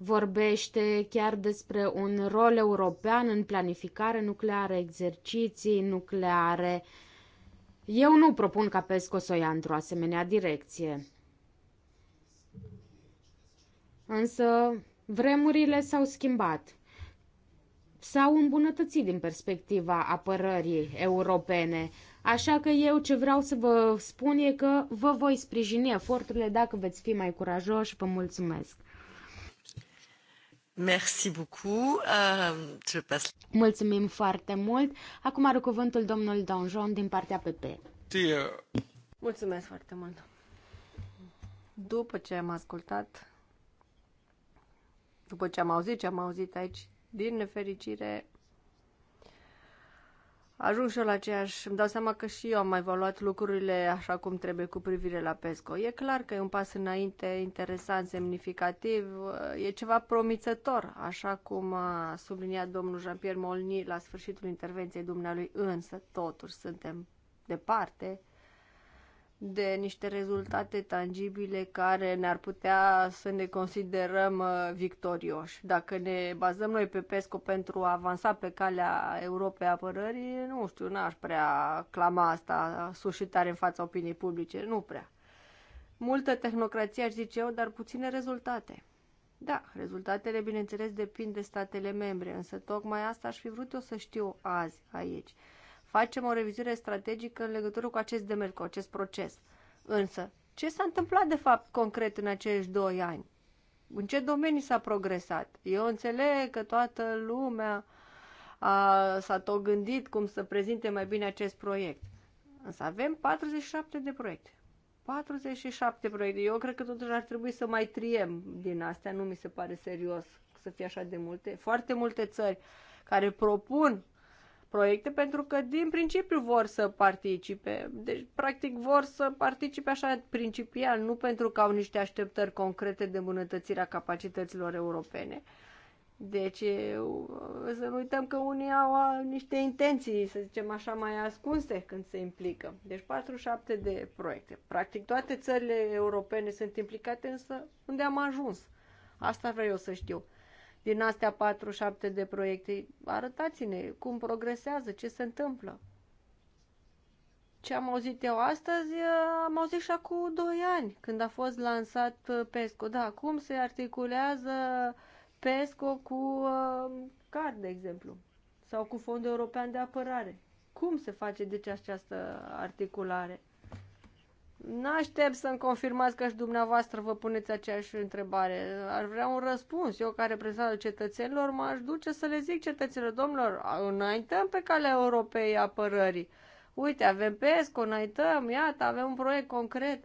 vorbește chiar despre un rol european în planificare nucleară, exerciții nucleare. Eu nu propun ca PESCO să o ia într-o asemenea direcție. Însă vremurile s-au schimbat. S-au îmbunătățit din perspectiva apărării europene. Așa că eu ce vreau să vă spun e că vă voi sprijini eforturile dacă veți fi mai curajoși. Vă mulțumesc! Merci beaucoup. Uh, je passe... Mulțumim foarte mult. Acum are cuvântul domnul Donjon din partea PP. Mulțumesc foarte mult. După ce am ascultat, după ce am auzit ce am auzit aici, din nefericire, ajung și eu la aceeași, îmi dau seama că și eu am mai evaluat lucrurile așa cum trebuie cu privire la PESCO. E clar că e un pas înainte interesant, semnificativ, e ceva promițător, așa cum a subliniat domnul Jean-Pierre Molny la sfârșitul intervenției dumnealui, însă totuși suntem departe de niște rezultate tangibile care ne-ar putea să ne considerăm uh, victorioși. Dacă ne bazăm noi pe PESCO pentru a avansa pe calea Europei apărării, nu știu, n-aș prea clama asta sușitare în fața opiniei publice, nu prea. Multă tehnocrație, aș zice eu, dar puține rezultate. Da, rezultatele, bineînțeles, depind de statele membre, însă tocmai asta aș fi vrut eu să știu azi, aici facem o revizuire strategică în legătură cu acest demers, cu acest proces. Însă, ce s-a întâmplat de fapt concret în acești doi ani? În ce domenii s-a progresat? Eu înțeleg că toată lumea a, s-a tot gândit cum să prezinte mai bine acest proiect. Însă avem 47 de proiecte. 47 proiecte. Eu cred că totuși ar trebui să mai triem din astea. Nu mi se pare serios să fie așa de multe. Foarte multe țări care propun proiecte pentru că din principiu vor să participe. Deci, practic, vor să participe așa principial, nu pentru că au niște așteptări concrete de îmbunătățirea capacităților europene. Deci, să nu uităm că unii au niște intenții, să zicem așa, mai ascunse când se implică. Deci 47 de proiecte. Practic toate țările europene sunt implicate, însă unde am ajuns? Asta vreau eu să știu din astea 4-7 de proiecte. Arătați-ne cum progresează, ce se întâmplă. Ce am auzit eu astăzi, am auzit și acum 2 ani, când a fost lansat uh, PESCO. Da, cum se articulează PESCO cu uh, CAR, de exemplu, sau cu Fondul European de Apărare. Cum se face deci această articulare? N-aștept să-mi confirmați că și dumneavoastră vă puneți aceeași întrebare. Ar vrea un răspuns. Eu, ca reprezentant al cetățenilor, m-aș duce să le zic cetățenilor, domnilor, înaintăm pe calea Europei apărării. Uite, avem PESCO, înaintăm, iată, avem un proiect concret.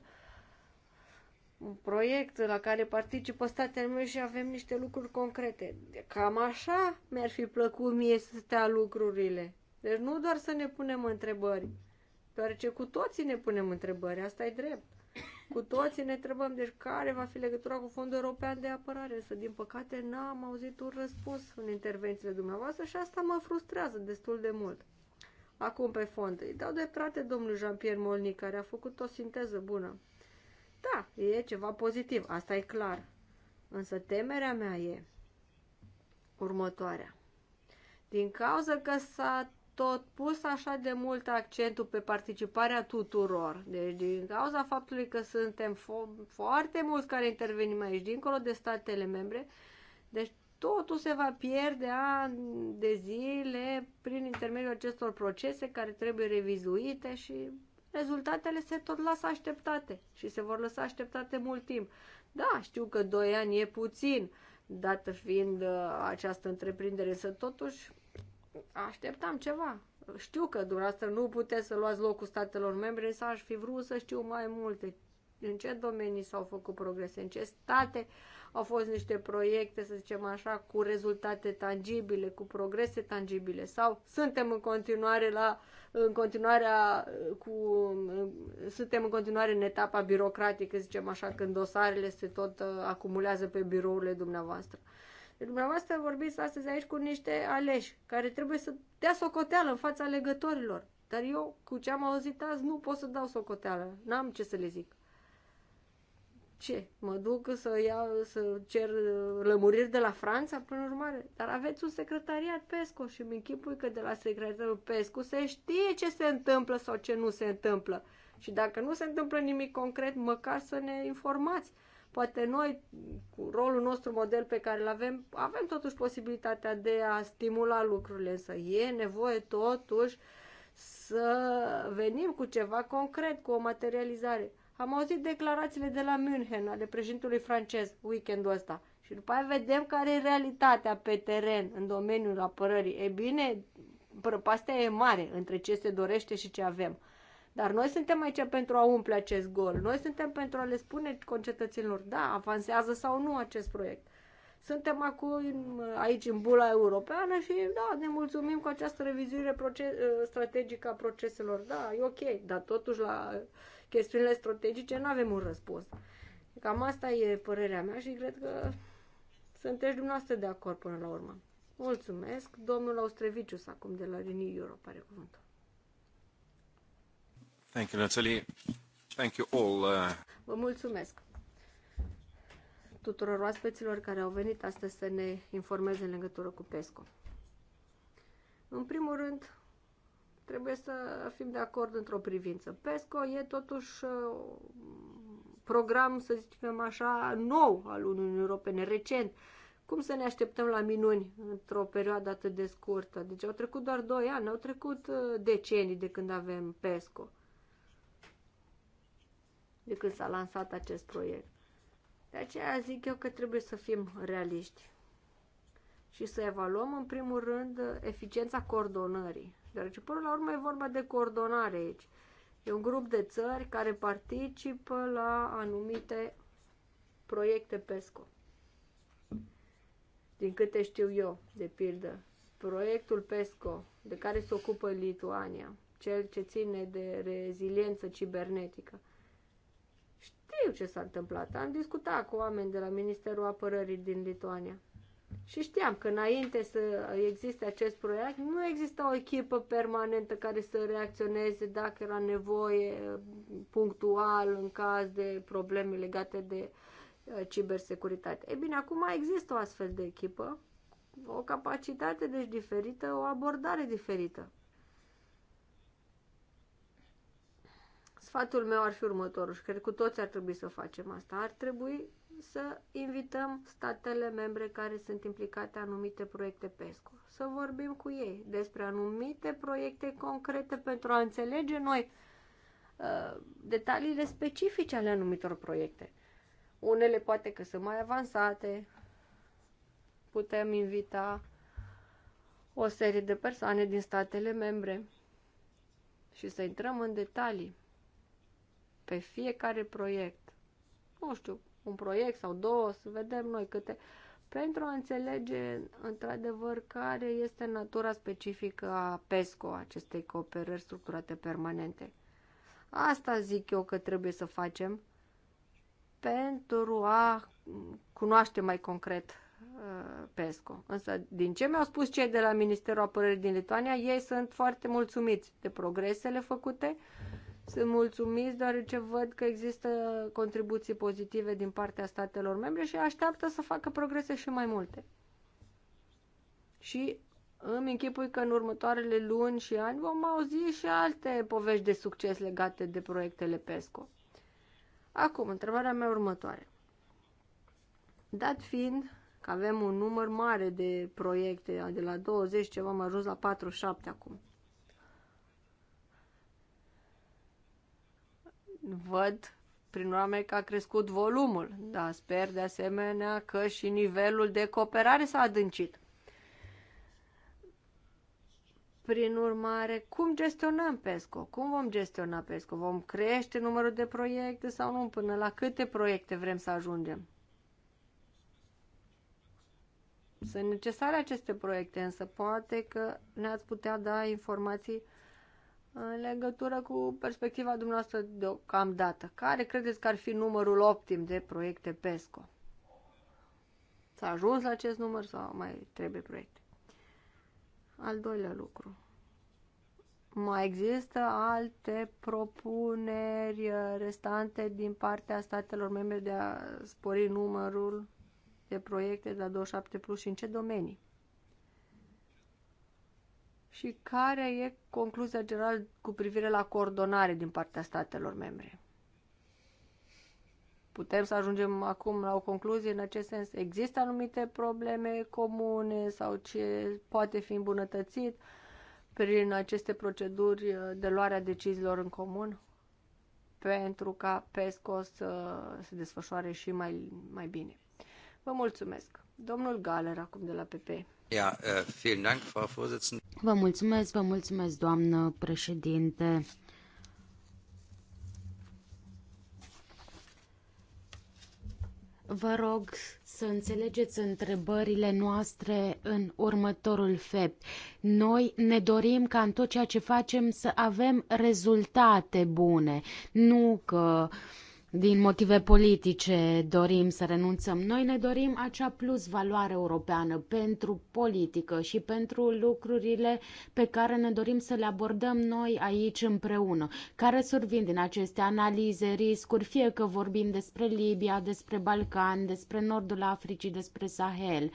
Un proiect la care participă statele mele și avem niște lucruri concrete. Cam așa mi-ar fi plăcut mie să stea lucrurile. Deci nu doar să ne punem întrebări Deoarece cu toții ne punem întrebări, asta e drept. Cu toții ne întrebăm, deci care va fi legătura cu Fondul European de Apărare? Să din păcate, n-am auzit un răspuns în intervențiile dumneavoastră și asta mă frustrează destul de mult. Acum, pe fond, îi dau dreptate domnul Jean-Pierre Molnic, care a făcut o sinteză bună. Da, e ceva pozitiv, asta e clar. Însă temerea mea e următoarea. Din cauza că s-a tot pus așa de mult accentul pe participarea tuturor. Deci, din cauza faptului că suntem fo- foarte mulți care intervenim aici, dincolo de statele membre, deci totul se va pierde ani de zile prin intermediul acestor procese care trebuie revizuite și rezultatele se tot lasă așteptate și se vor lăsa așteptate mult timp. Da, știu că 2 ani e puțin, dată fiind uh, această întreprindere, să totuși așteptam ceva. Știu că dumneavoastră nu puteți să luați locul statelor membre, însă aș fi vrut să știu mai multe. În ce domenii s-au făcut progrese, în ce state au fost niște proiecte, să zicem așa, cu rezultate tangibile, cu progrese tangibile sau suntem în continuare la în continuarea cu suntem în continuare în etapa birocratică, zicem așa, când dosarele se tot uh, acumulează pe birourile dumneavoastră. Uh, deci, dumneavoastră vorbiți astăzi aici cu niște aleși care trebuie să dea socoteală în fața legătorilor. Dar eu, cu ce am auzit azi, nu pot să dau socoteală. N-am ce să le zic. Ce? Mă duc să iau, să cer uh, lămuriri de la Franța, până urmare? Dar aveți un secretariat PESCO și îmi închipui că de la secretariatul PESCO se știe ce se întâmplă sau ce nu se întâmplă. Și dacă nu se întâmplă nimic concret, măcar să ne informați. Poate noi, cu rolul nostru model pe care îl avem, avem totuși posibilitatea de a stimula lucrurile, însă e nevoie totuși să venim cu ceva concret, cu o materializare. Am auzit declarațiile de la München, ale președintelui francez, weekendul ăsta. Și după aia vedem care e realitatea pe teren, în domeniul apărării. E bine, prăpastea e mare între ce se dorește și ce avem. Dar noi suntem aici pentru a umple acest gol. Noi suntem pentru a le spune concetățenilor, da, avansează sau nu acest proiect. Suntem acum uh, aici în bula europeană și da, ne mulțumim cu această revizuire proces, uh, strategică a proceselor. Da, e ok, dar totuși la chestiunile strategice nu avem un răspuns. Cam asta e părerea mea și cred că sunteți dumneavoastră de acord până la urmă. Mulțumesc. Domnul Austreviciu acum de la Renew Europe are cuvântul. Thank you, Natalie. Thank you all. Uh, Vă mulțumesc tuturor oaspeților care au venit astăzi să ne informeze în legătură cu PESCO. În primul rând, trebuie să fim de acord într-o privință. PESCO e totuși uh, program, să zicem așa, nou al Uniunii Europene, recent. Cum să ne așteptăm la minuni într-o perioadă atât de scurtă? Deci au trecut doar 2 ani, au trecut uh, decenii de când avem PESCO de când s-a lansat acest proiect. De aceea zic eu că trebuie să fim realiști și să evaluăm în primul rând eficiența coordonării. Deoarece până la urmă e vorba de coordonare aici. E un grup de țări care participă la anumite proiecte PESCO. Din câte știu eu, de pildă, proiectul PESCO de care se ocupă Lituania, cel ce ține de reziliență cibernetică, știu ce s-a întâmplat. Am discutat cu oameni de la Ministerul Apărării din Lituania. Și știam că înainte să existe acest proiect, nu exista o echipă permanentă care să reacționeze dacă era nevoie uh, punctual în caz de probleme legate de uh, cibersecuritate. E bine, acum există o astfel de echipă, o capacitate deci diferită, o abordare diferită. Sfatul meu ar fi următorul și cred că cu toți ar trebui să facem asta. Ar trebui să invităm statele membre care sunt implicate în anumite proiecte PESCO, să vorbim cu ei despre anumite proiecte concrete pentru a înțelege noi uh, detaliile specifice ale anumitor proiecte. Unele poate că sunt mai avansate, putem invita o serie de persoane din statele membre și să intrăm în detalii pe fiecare proiect. Nu știu, un proiect sau două, să vedem noi câte, pentru a înțelege într-adevăr care este natura specifică a PESCO, acestei cooperări structurate permanente. Asta zic eu că trebuie să facem pentru a cunoaște mai concret uh, PESCO. Însă, din ce mi-au spus cei de la Ministerul Apărării din Lituania, ei sunt foarte mulțumiți de progresele făcute, uh, sunt mulțumiți deoarece văd că există contribuții pozitive din partea statelor membre și așteaptă să facă progrese și mai multe. Și îmi închipui că în următoarele luni și ani vom auzi și alte povești de succes legate de proiectele PESCO. Acum, întrebarea mea următoare. Dat fiind că avem un număr mare de proiecte, de la 20 ceva am ajuns la 47 acum, văd prin urmare că a crescut volumul, dar sper de asemenea că și nivelul de cooperare s-a adâncit. Prin urmare, cum gestionăm PESCO? Cum vom gestiona PESCO? Vom crește numărul de proiecte sau nu? Până la câte proiecte vrem să ajungem? Sunt necesare aceste proiecte, însă poate că ne-ați putea da informații în legătură cu perspectiva dumneavoastră deocamdată. Care credeți că ar fi numărul optim de proiecte PESCO? S-a ajuns la acest număr sau mai trebuie proiecte? Al doilea lucru. Mai există alte propuneri uh, restante din partea statelor membre de a spori numărul de proiecte de la 27 plus și în ce domenii? și care e concluzia generală cu privire la coordonare din partea statelor membre. Putem să ajungem acum la o concluzie în acest sens? Există anumite probleme comune sau ce poate fi îmbunătățit prin aceste proceduri uh, de luare a deciziilor în comun pentru ca PESCO să se desfășoare și mai, mai bine? Vă mulțumesc. Domnul Galer, acum de la PP. Äh, vă mulțumesc, vă mulțumesc, doamnă președinte. Vă rog să înțelegeți întrebările noastre în următorul fel. Noi ne dorim ca în tot ceea ce facem să avem rezultate bune, nu că uh, din motive politice dorim să renunțăm. Noi ne dorim acea plus valoare europeană pentru politică și pentru lucrurile pe care ne dorim să le abordăm noi aici împreună, care survin din aceste analize, riscuri, fie că vorbim despre Libia, despre Balcan, despre Nordul Africii, despre Sahel.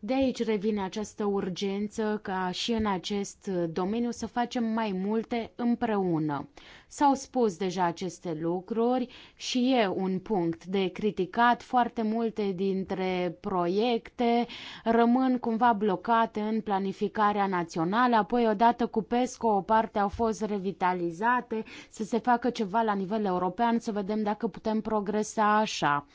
De aici revine această urgență ca și în acest domeniu să facem mai multe împreună. S-au spus deja aceste lucruri și e un punct de criticat. Foarte multe dintre proiecte rămân cumva blocate în planificarea națională, apoi odată cu PESCO o parte au fost revitalizate, să se facă ceva la nivel european, să vedem dacă putem progresa așa.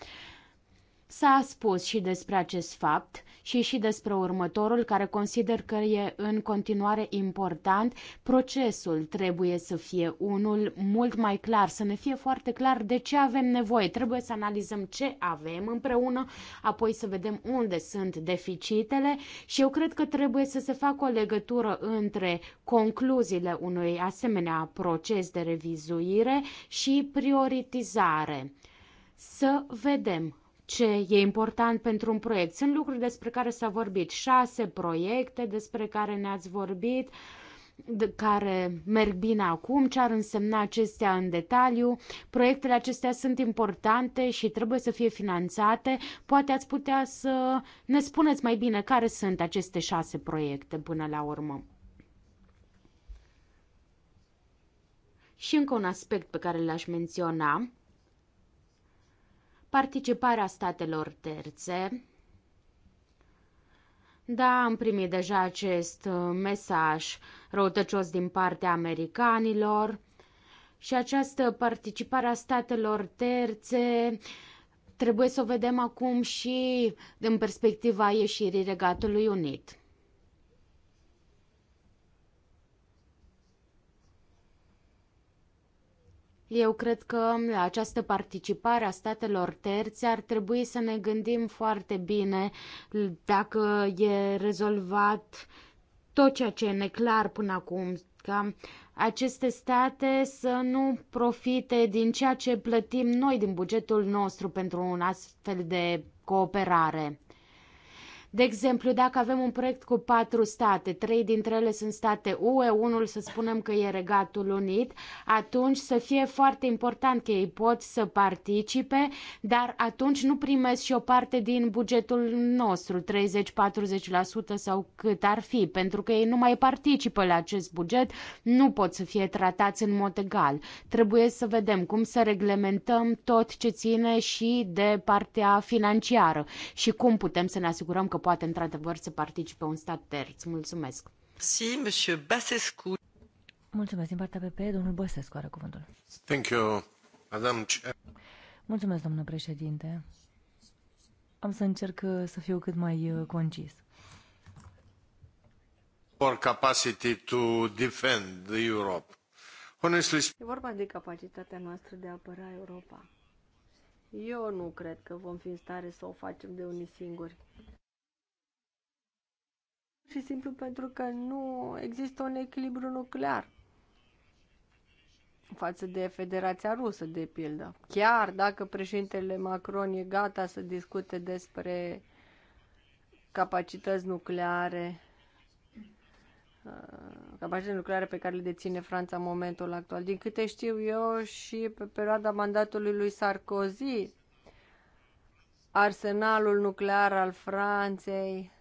S-a spus și despre acest fapt și și despre următorul care consider că e în continuare important. Procesul trebuie să fie unul mult mai clar, să ne fie foarte clar de ce avem nevoie. Trebuie să analizăm ce avem împreună, apoi să vedem unde sunt deficitele și eu cred că trebuie să se facă o legătură între concluziile unui asemenea proces de revizuire și prioritizare. Să vedem ce e important pentru un proiect. Sunt lucruri despre care s-a vorbit, șase proiecte despre care ne-ați vorbit, care merg bine acum, ce ar însemna acestea în detaliu. Proiectele acestea sunt importante și trebuie să fie finanțate. Poate ați putea să ne spuneți mai bine care sunt aceste șase proiecte până la urmă. Și încă un aspect pe care l-aș menționa participarea statelor terțe. Da, am primit deja acest uh, mesaj răutăcios din partea americanilor și această participare a statelor terțe trebuie să o vedem acum și în perspectiva ieșirii Regatului Unit. Eu cred că la această participare a statelor terțe ar trebui să ne gândim foarte bine dacă e rezolvat tot ceea ce e neclar până acum, ca aceste state să nu profite din ceea ce plătim noi din bugetul nostru pentru un astfel de cooperare. De exemplu, dacă avem un proiect cu patru state, trei dintre ele sunt state UE, unul să spunem că e Regatul Unit, atunci să fie foarte important că ei pot să participe, dar atunci nu primesc și o parte din bugetul nostru, 30-40% sau cât ar fi, pentru că ei nu mai participă la acest buget, nu pot să fie tratați în mod egal. Trebuie să vedem cum să reglementăm tot ce ține și de partea financiară și cum putem să ne asigurăm că poate într-adevăr să participe un stat terț. Mulțumesc! Si, monsieur Basescu. Mulțumesc din partea PP, domnul Băsescu are cuvântul. Thank you, madam. Mulțumesc, domnule președinte. Am să încerc uh, să fiu cât mai uh, concis. Or capacity to defend the Europe. Honestly... E vorba de capacitatea noastră de a apăra Europa. Eu nu cred că vom fi în stare să o facem de unii singuri și simplu pentru că nu există un echilibru nuclear față de Federația Rusă, de pildă. Chiar dacă președintele Macron e gata să discute despre capacități nucleare, uh, capacități nucleare pe care le deține Franța în momentul actual. Din câte știu eu și pe perioada mandatului lui Sarkozy, arsenalul nuclear al Franței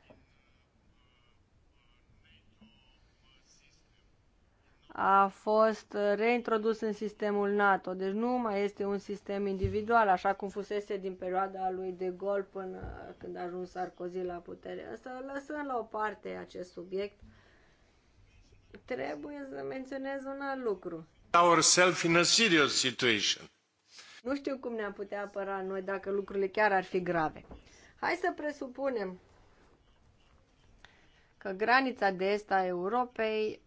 a fost reintrodus în sistemul NATO, deci nu mai este un sistem individual, așa cum fusese din perioada lui De gol, până când a ajuns Sarkozy la putere. Asta lăsând la o parte acest subiect, trebuie să menționez un alt lucru. Ourself in a serious situation. Nu știu cum ne-am putea apăra noi dacă lucrurile chiar ar fi grave. Hai să presupunem că granița de est a Europei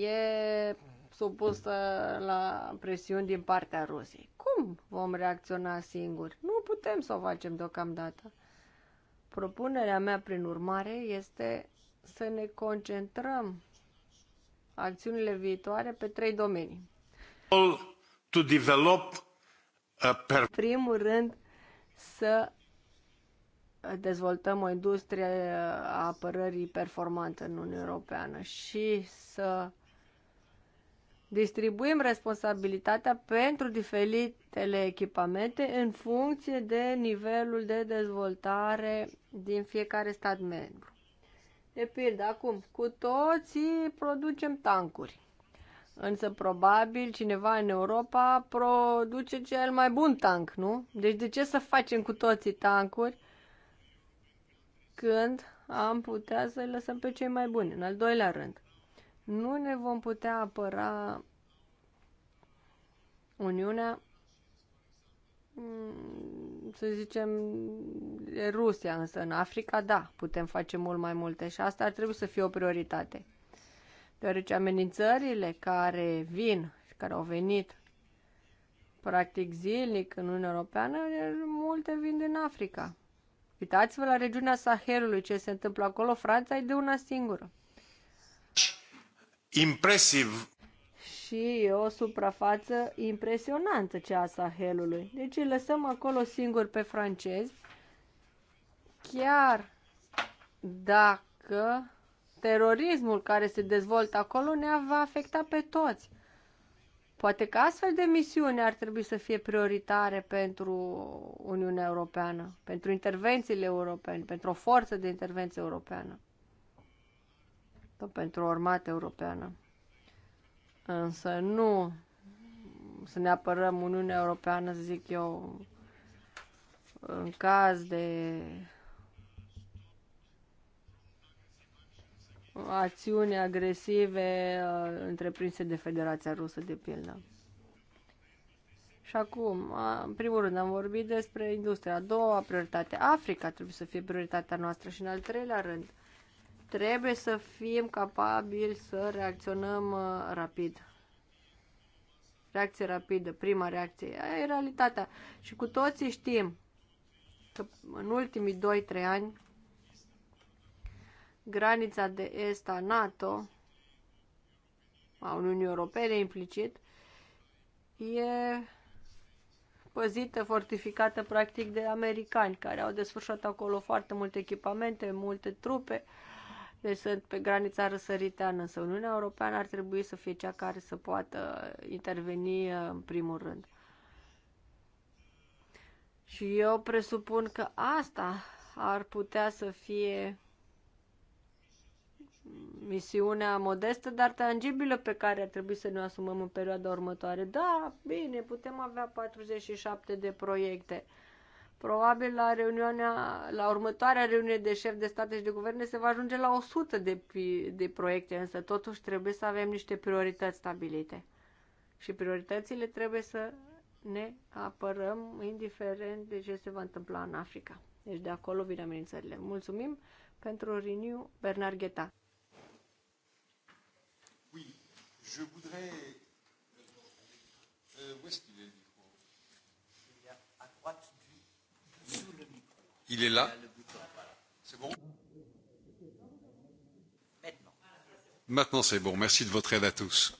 e supusă la presiuni din partea Rusiei. Cum vom reacționa singuri? Nu putem să o facem deocamdată. Propunerea mea, prin urmare, este să ne concentrăm acțiunile viitoare pe trei domenii. to develop a per- primul rând, să dezvoltăm o industrie a apărării performante în Uniunea Europeană și să distribuim responsabilitatea pentru diferitele echipamente în funcție de nivelul de dezvoltare din fiecare stat membru. De pildă, acum, cu toții producem tancuri. Însă, probabil, cineva în Europa produce cel mai bun tank, nu? Deci, de ce să facem cu toții tancuri când am putea să-i lăsăm pe cei mai buni. În al doilea rând, nu ne vom putea apăra Uniunea, mm, să zicem, Rusia, însă în Africa, da, putem face mult mai multe și asta ar trebui să fie o prioritate. Deoarece amenințările care vin și care au venit practic zilnic în Uniunea Europeană, multe vin din Africa. Uitați-vă la regiunea Sahelului, ce se întâmplă acolo. Franța e de una singură. Impresiv. Și e o suprafață impresionantă cea a Sahelului. Deci îi lăsăm acolo singuri pe francezi, chiar dacă terorismul care se dezvoltă acolo ne va afecta pe toți. Poate că astfel de misiuni ar trebui să fie prioritare pentru Uniunea Europeană, pentru intervențiile europene, pentru o forță de intervenție europeană, pentru o armată europeană. Însă nu să ne apărăm Uniunea Europeană, să zic eu, în caz de acțiuni agresive uh, întreprinse de Federația Rusă, de pildă. Și acum, în primul rând, am vorbit despre industria. A doua prioritate, Africa trebuie să fie prioritatea noastră. Și în al treilea rând, trebuie să fim capabili să reacționăm uh, rapid. Reacție rapidă, prima reacție. Aia e realitatea. Și cu toții știm că în ultimii 2-3 ani granița de est a NATO, a Uniunii Europene implicit, e păzită, fortificată practic de americani, care au desfășurat acolo foarte multe echipamente, multe trupe, deci sunt pe granița răsăriteană, însă Uniunea Europeană ar trebui să fie cea care să poată interveni uh, în primul rând. Și eu presupun că asta ar putea să fie misiunea modestă, dar tangibilă pe care ar trebui să ne asumăm în perioada următoare. Da, bine, putem avea 47 de proiecte. Probabil la reuniunea, la următoarea reuniune de șef de state și de guverne se va ajunge la 100 de, de proiecte, însă totuși trebuie să avem niște priorități stabilite. Și prioritățile trebuie să ne apărăm indiferent de ce se va întâmpla în Africa. Deci de acolo vin amenințările. Mulțumim pentru Riniu Bernard Gheta. Je voudrais... Euh, où est-ce qu'il est le micro Il est à droite du... sous le micro. Il est là C'est bon Maintenant. Maintenant c'est bon. Merci de votre aide à tous.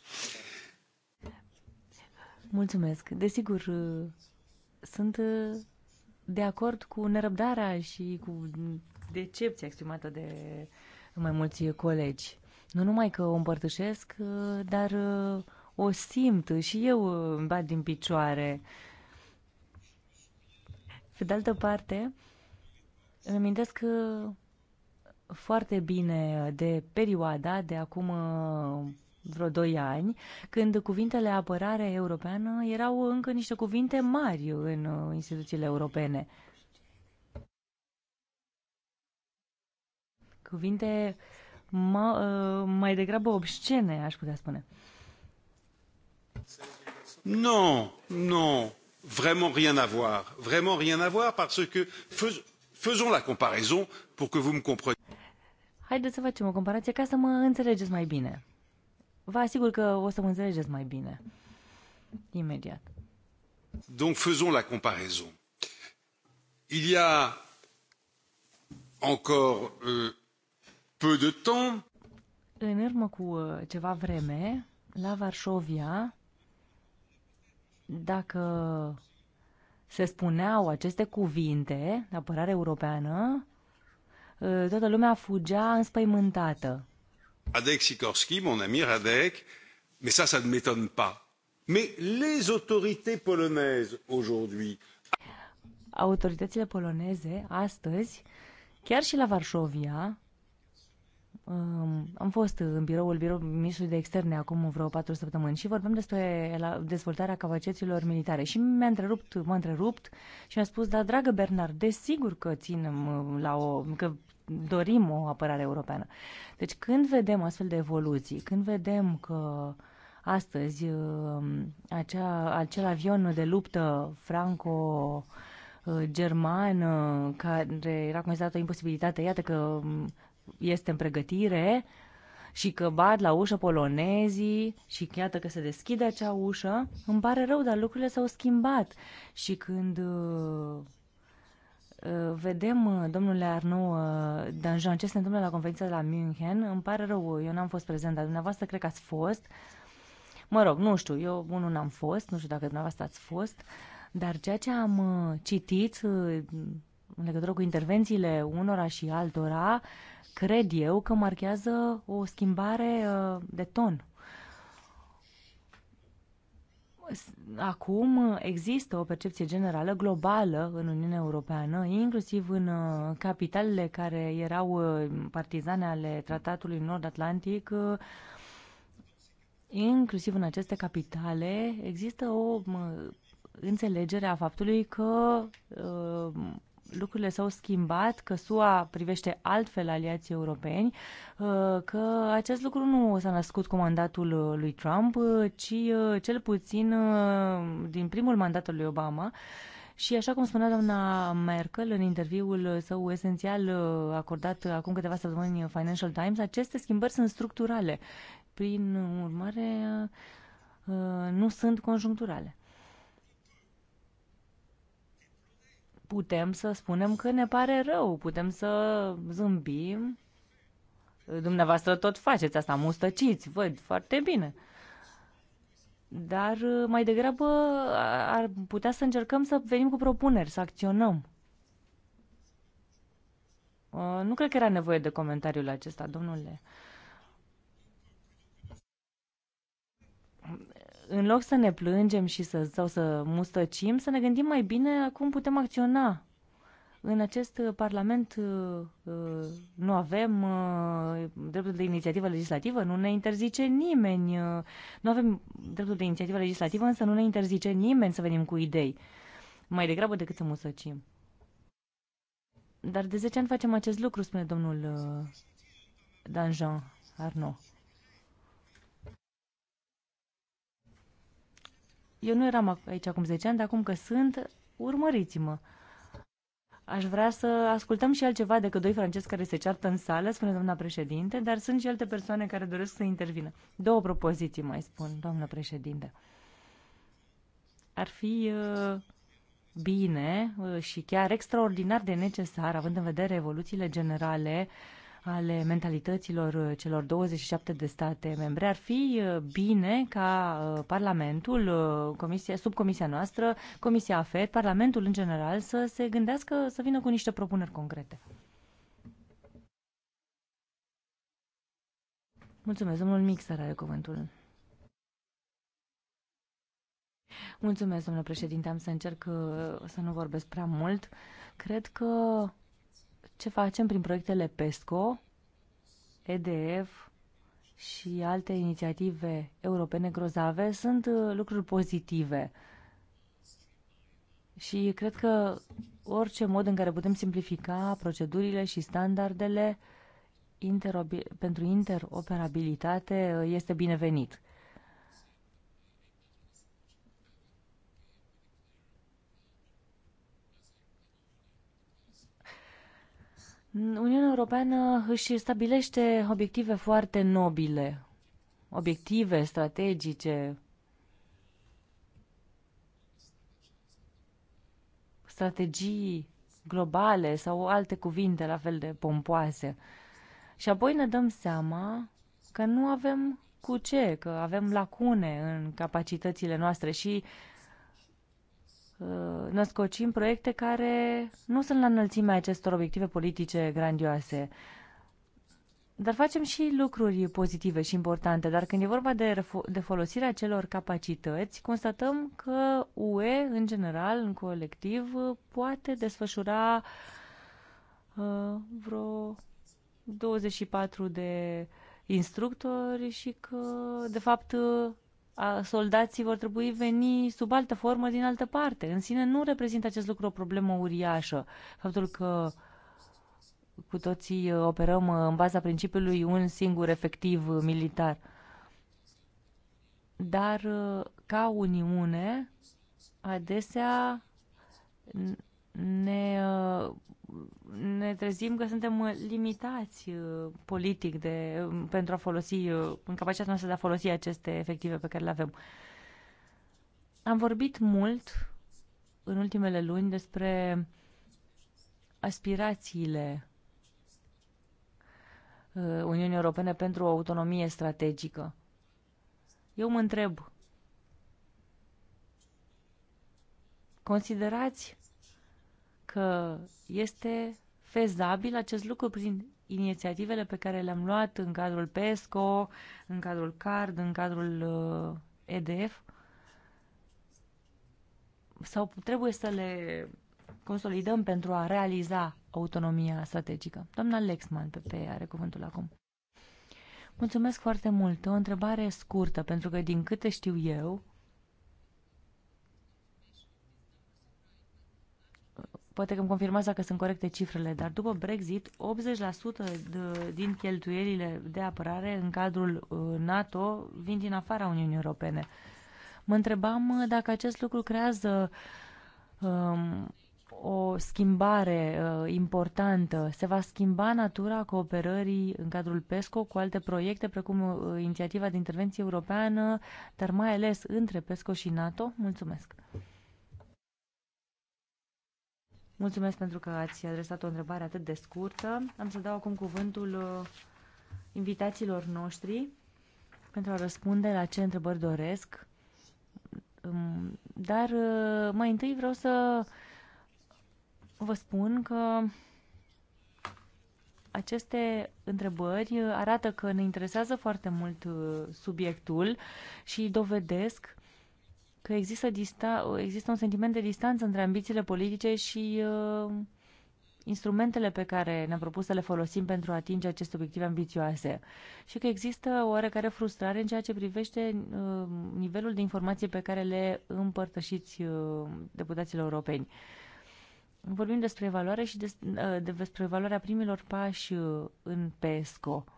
Mulțumesc. Desigur, uh, sunt uh, de acord cu nerăbdarea și cu decepția exprimată de mai mulți colegi. Nu numai că o împărtășesc, uh, dar uh, o simt și eu uh, îmi bat din picioare. Pe de altă parte, îmi amintesc foarte bine de perioada de acum vreo doi ani, când cuvintele apărare europeană erau încă niște cuvinte mari în instituțiile europene. Cuvinte uh, ma, uh, mai degrabă obscene, aș putea spune. Nu, non, vraiment rien à voir. Vraiment rien à voir parce que fais, faisons la comparaison pour que vous me compreniez. Haideți să facem o comparație ca să mă înțelegeți mai bine. Vă asigur că o să mă înțelegeți mai bine. Imediat. Donc faisons la comparaison. Il y a encore euh, peu de temps. În urmă cu uh, ceva vreme, la Varșovia, dacă se spuneau aceste cuvinte, apărare europeană, uh, toată lumea fugea înspăimântată. Radek Sikorski, mon ami Radek, mais ça, ça ne m'étonne pas. Mais les autorités polonaises aujourd'hui. Autoritățile poloneze astăzi, chiar și la Varșovia, Um, am fost în biroul birou ministrului de externe acum vreo patru săptămâni și vorbim despre dezvoltarea capacităților militare și m a întrerupt, m-a întrerupt și mi-a spus, da, dragă Bernard, desigur că ținem uh, la o, că dorim o apărare europeană. Deci când vedem astfel de evoluții, când vedem că astăzi um, acea, acel avion de luptă franco german uh, care era considerat o imposibilitate, iată că um, este în pregătire și că bat la ușă polonezii și iată că se deschide acea ușă, îmi pare rău, dar lucrurile s-au schimbat. Și când uh, uh, vedem, uh, domnule Arnou Danjean, ce se întâmplă la conferința de la München, îmi pare rău, eu n-am fost prezent, dar dumneavoastră cred că ați fost. Mă rog, nu știu, eu unul n-am fost, nu știu dacă dumneavoastră ați fost, dar ceea ce am citit în legătură cu intervențiile unora și altora, cred eu că marchează o schimbare uh, de ton. Acum există o percepție generală globală în Uniunea Europeană, inclusiv în uh, capitalele care erau uh, partizane ale Tratatului Nord-Atlantic, inclusiv în aceste capitale există o înțelegere a faptului că lucrurile s-au schimbat, că SUA privește altfel aliații europeni, uh, că acest lucru nu s-a născut cu mandatul lui Trump, uh, ci uh, cel puțin din primul mandat al lui Obama. Și așa cum spunea doamna Merkel în interviul său esențial acordat acum câteva săptămâni Financial Times, aceste schimbări sunt structurale. Prin urmare, nu sunt conjuncturale. putem să spunem că ne pare rău, putem să zâmbim. Dumneavoastră tot faceți asta, mustăciți, văd foarte bine. Dar uh, mai degrabă ar putea să încercăm să venim cu propuneri, să acționăm. Uh, nu cred că era nevoie de comentariul acesta, domnule în loc să ne plângem și să, sau să mustăcim, să ne gândim mai bine cum putem acționa. În acest Parlament uh, uh, nu avem uh, dreptul de inițiativă legislativă, nu ne interzice nimeni. Nu avem dreptul de inițiativă legislativă, însă nu ne interzice nimeni să venim cu idei, mai degrabă decât să musăcim. Dar de 10 ani facem acest lucru, spune domnul Danjean Arnaud. Eu nu eram aici acum 10 ani, dar acum că sunt, urmăriți-mă. Aș vrea să ascultăm și altceva decât doi francezi care se ceartă în sală, spune doamna președinte, dar sunt și alte persoane care doresc să intervină. Două propoziții mai spun, doamna președinte. Ar fi uh, bine uh, și chiar extraordinar de necesar, având în vedere evoluțiile generale uh, ale mentalităților uh, celor 27 de state membre, ar fi uh, bine ca uh, Parlamentul, comisia, subcomisia noastră, Comisia AFET, Parlamentul în general să se gândească să vină cu niște propuneri concrete. Mulțumesc, domnul Mixer are cuvântul. Mulțumesc, domnule președinte, am să încerc să nu vorbesc prea mult. Cred că ce facem prin proiectele PESCO, EDF și alte inițiative europene grozave sunt uh, lucruri pozitive. Și cred că orice mod în care putem simplifica procedurile și standardele pentru interoperabilitate uh, este binevenit. Uniunea Europeană își stabilește obiective foarte nobile, obiective strategice, strategii globale sau alte cuvinte la fel de pompoase. Și apoi ne dăm seama că nu avem cu ce, că avem lacune în capacitățile noastre și uh, Uh, născocim proiecte care nu sunt la înălțimea acestor obiective politice grandioase. Dar facem și lucruri pozitive și importante, dar când e vorba de, de folosirea celor capacități, constatăm că UE, în general, în colectiv, poate desfășura uh, vreo 24 de instructori și că, de fapt, soldații vor trebui veni sub altă formă din altă parte. În sine nu reprezintă acest lucru o problemă uriașă. Faptul că cu toții operăm uh, în baza principiului un singur efectiv militar. Dar uh, ca Uniune, adesea ne, uh, ne trezim că suntem uh, limitați uh, politic de, um, pentru a folosi, în capacitatea noastră de a folosi aceste efective pe care le avem. Am vorbit mult în ultimele luni despre aspirațiile Uniunii Europene pentru o autonomie strategică. Eu mă întreb, considerați că este fezabil acest lucru prin inițiativele pe care le-am luat în cadrul PESCO, în cadrul CARD, în cadrul uh, EDF? Sau trebuie să le consolidăm pentru a realiza autonomia strategică? Doamna Lexman, pe are cuvântul acum. Mulțumesc foarte mult. O întrebare scurtă, pentru că din câte știu eu, Poate că îmi confirmați dacă sunt corecte cifrele, dar după Brexit, 80% de, din cheltuielile de apărare în cadrul uh, NATO vin din afara Uniunii Europene. Mă întrebam uh, dacă acest lucru creează um, o schimbare uh, importantă. Se va schimba natura cooperării în cadrul PESCO cu alte proiecte, precum uh, inițiativa de intervenție europeană, dar mai ales între PESCO și NATO? Mulțumesc! Mulțumesc pentru că ați adresat o întrebare atât de scurtă. Am să dau acum cuvântul uh, invitațiilor noștri pentru a răspunde la ce întrebări doresc. Um, dar uh, mai întâi vreau să vă spun că aceste întrebări arată că ne interesează foarte mult uh, subiectul și dovedesc că există, dista- există un sentiment de distanță între ambițiile politice și uh, instrumentele pe care ne-am propus să le folosim pentru a atinge aceste obiective ambițioase și că există oarecare frustrare în ceea ce privește uh, nivelul de informații pe care le împărtășiți uh, deputaților europeni. Vorbim despre evaluare și des, uh, despre evaluarea primilor pași uh, în PESCO. Uh,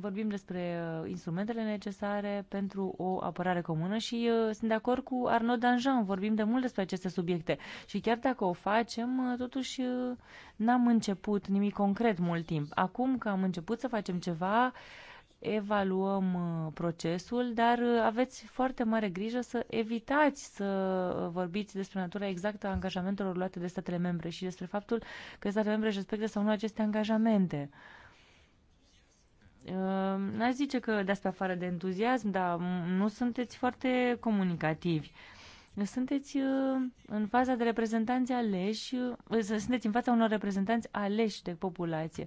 vorbim despre uh, instrumentele necesare pentru o apărare comună și uh, sunt de acord cu Arnaud Danjean, vorbim de mult despre aceste subiecte și chiar dacă o facem, uh, totuși n-am început nimic concret mult timp. Acum că am început să facem ceva, evaluăm procesul, dar aveți foarte mare grijă să evitați să vorbiți despre natura exactă a angajamentelor luate de statele membre și despre faptul că statele membre își respectă sau nu aceste angajamente. Uh, Ehm, n-aș zice că dați pe afară de entuziasm, dar nu sunteți foarte comunicativi. Sunteți ehm, în faza de reprezentanți aleși, eh, sunteți în fața unor reprezentanți aleși de populație.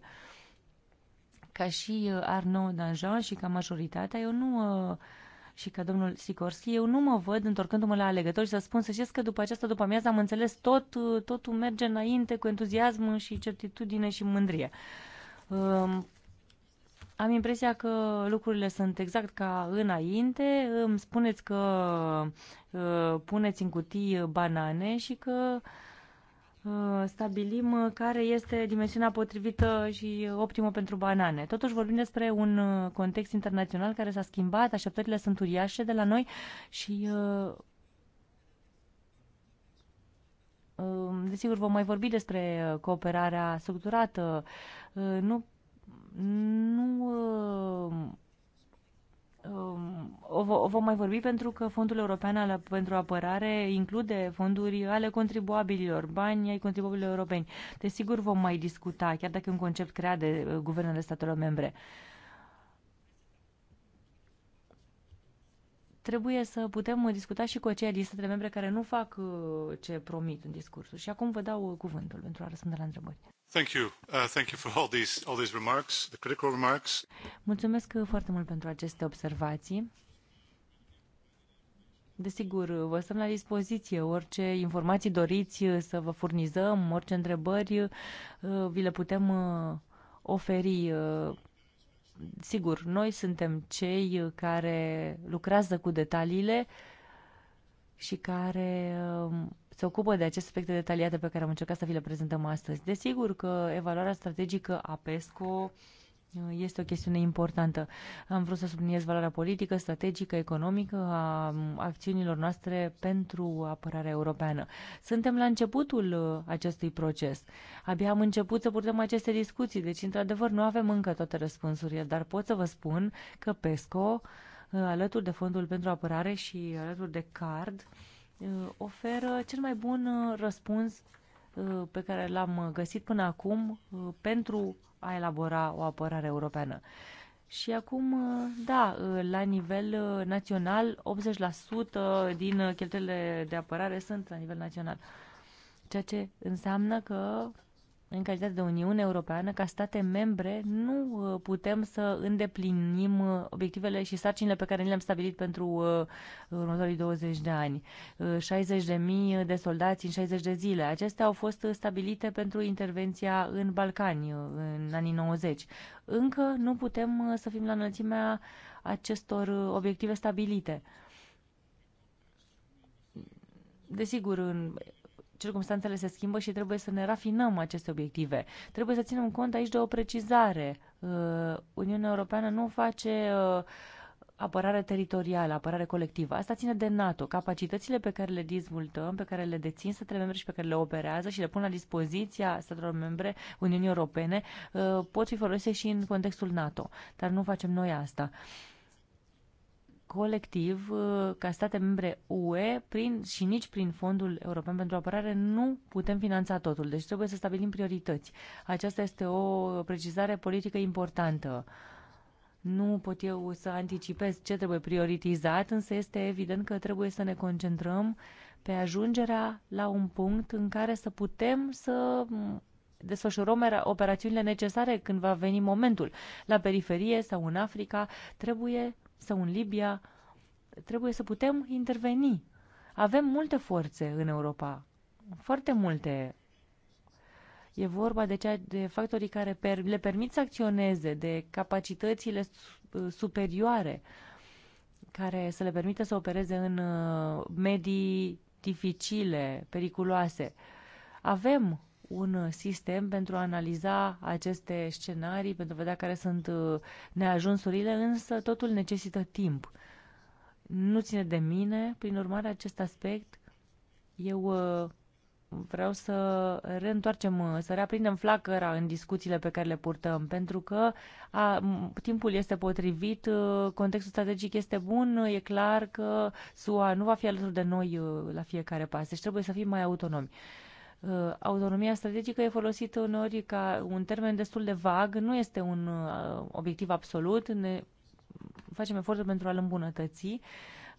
Ca și eh, Arnaud Danjean și ca majoritatea, eu nu eh, și ca domnul Sikorski, eu nu mă văd întorcându-mă la alegători și să spun să știți că după această după amiază am înțeles tot, totul merge înainte cu entuziasm și certitudine și mândrie. Ehm, am impresia că lucrurile sunt exact ca înainte. Îmi spuneți că uh, puneți în cutii banane și că uh, stabilim care este dimensiunea potrivită și optimă pentru banane. Totuși vorbim despre un uh, context internațional care s-a schimbat, așteptările sunt uriașe de la noi și uh, um, Desigur, vom mai vorbi despre cooperarea structurată. Uh, nu nu uh, um, o vom mai vorbi pentru că Fondul European pentru Apărare include fonduri ale contribuabililor, bani ai contribuabililor europeni. Desigur vom mai discuta, chiar dacă e un concept creat de uh, guvernele statelor membre. Uh, trebuie să putem discuta și cu aceia din statele membre care nu fac uh, ce promit în discursuri. Și acum vă dau uh, cuvântul pentru a răspunde la întrebări. Thank you. Uh, thank you for all these, all these remarks, the critical remarks. Mulțumesc uh, foarte mult pentru aceste observații. Desigur, vă stăm la dispoziție. Orice informații doriți să vă furnizăm, orice întrebări, vi le putem oferi Sigur, noi suntem cei care lucrează cu detaliile și care um, se ocupă de aceste aspecte detaliate pe care am încercat să vi le prezentăm astăzi. Desigur că evaluarea strategică a PESCO este o chestiune importantă. Am vrut să subliniez valoarea politică, strategică, economică a acțiunilor noastre pentru apărarea europeană. Suntem la începutul acestui proces. Abia am început să purtăm aceste discuții, deci, într-adevăr, nu avem încă toate răspunsurile, dar pot să vă spun că PESCO, alături de Fondul pentru Apărare și alături de CARD, oferă cel mai bun răspuns Uh, pe care l-am uh, găsit până acum uh, pentru a elabora o apărare europeană. Și acum, da, la nivel național, 80% din cheltuielile de apărare sunt la nivel național. Ceea ce înseamnă că în calitate de Uniune Europeană, ca state membre, nu uh, putem să îndeplinim uh, obiectivele și sarcinile pe care le-am stabilit pentru uh, următorii 20 de ani. 60.000 de de soldați în 60 de zile. Acestea au fost stabilite pentru intervenția în Balcani în anii 90. Încă nu putem să fim la înălțimea acestor obiective stabilite. Desigur, în circumstanțele se schimbă și trebuie să ne rafinăm aceste obiective. Trebuie să ținem cont aici de o precizare. Uh, Uniunea Europeană nu face uh, apărare teritorială, apărare colectivă. Asta ține de NATO. Capacitățile pe care le dezvoltăm, pe care le dețin statele membre și pe care le operează și le pun la dispoziția statelor membre Uniunii Europene uh, pot fi folosite și în contextul NATO. Dar nu facem noi asta. Uh, colectiv uh, ca state membre UE prin, și nici prin Fondul European pentru Apărare nu putem finanța totul. Deci trebuie să stabilim priorități. Aceasta este o precizare politică importantă. Nu pot eu să anticipez ce trebuie prioritizat, însă este evident că trebuie să ne concentrăm pe ajungerea la un punct în care să putem să desfășurăm operațiunile necesare când va veni momentul. La periferie sau în Africa trebuie sau în Libia, trebuie să putem interveni. Avem multe forțe în Europa, foarte multe. E vorba de, cea, de factorii care per, le permit să acționeze, de capacitățile superioare care să le permită să opereze în uh, medii dificile, periculoase. Avem un uh, sistem pentru a analiza aceste scenarii, pentru a vedea care sunt uh, neajunsurile, însă totul necesită timp. Nu ține de mine, prin urmare, acest aspect eu uh, vreau să reîntoarcem, să reaprindem flacăra în discuțiile pe care le purtăm, pentru că a, timpul este potrivit, contextul strategic este bun, e clar că SUA nu va fi alături de noi la fiecare pas, deci trebuie să fim mai autonomi. Uh, autonomia strategică e folosită uneori ca un termen destul de vag, nu este un uh, obiectiv absolut, ne facem eforturi pentru a-l îmbunătăți,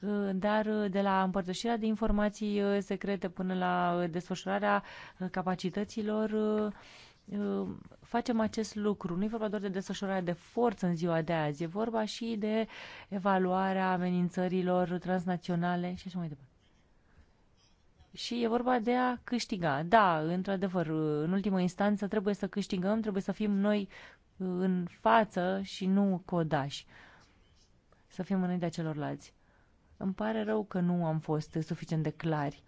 uh, dar de la împărtășirea de informații secrete până la desfășurarea capacităților, facem acest lucru. Nu e vorba doar de desfășurarea de forță în ziua de azi, e vorba și de evaluarea amenințărilor transnaționale și așa mai departe și e vorba de a câștiga. Da, într-adevăr, în ultimă instanță trebuie să câștigăm, trebuie să fim noi uh, în față și nu codași. Să fim înaintea celorlalți. Îmi pare rău că nu am fost suficient de clari.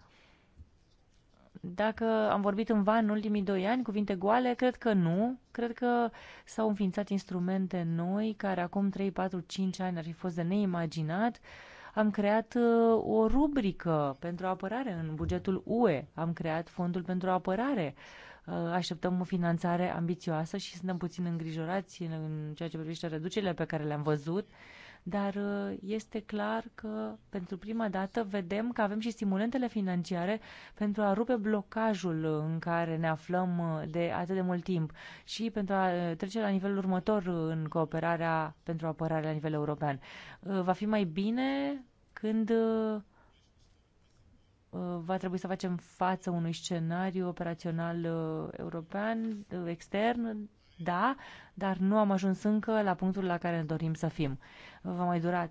Dacă am vorbit în van în ultimii doi ani, cuvinte goale, cred că nu. Cred că s-au înființat instrumente noi care acum 3, 4, 5 ani ar fi fost de neimaginat. Uh, am creat uh, o rubrică pentru apărare în bugetul UE, am creat fondul pentru apărare. Uh, așteptăm o finanțare ambițioasă și suntem puțin îngrijorați în ceea ce privește reducerile pe care le-am văzut dar uh, este clar că pentru prima dată vedem că avem și stimulentele financiare pentru a rupe blocajul în care ne aflăm uh, de atât de mult timp și pentru a uh, trece la nivelul următor în cooperarea pentru apărare la nivel european. Va fi mai bine când va trebui să facem față unui scenariu operațional european, extern, da, dar nu am ajuns încă la punctul la care ne dorim să fim. Va mai dura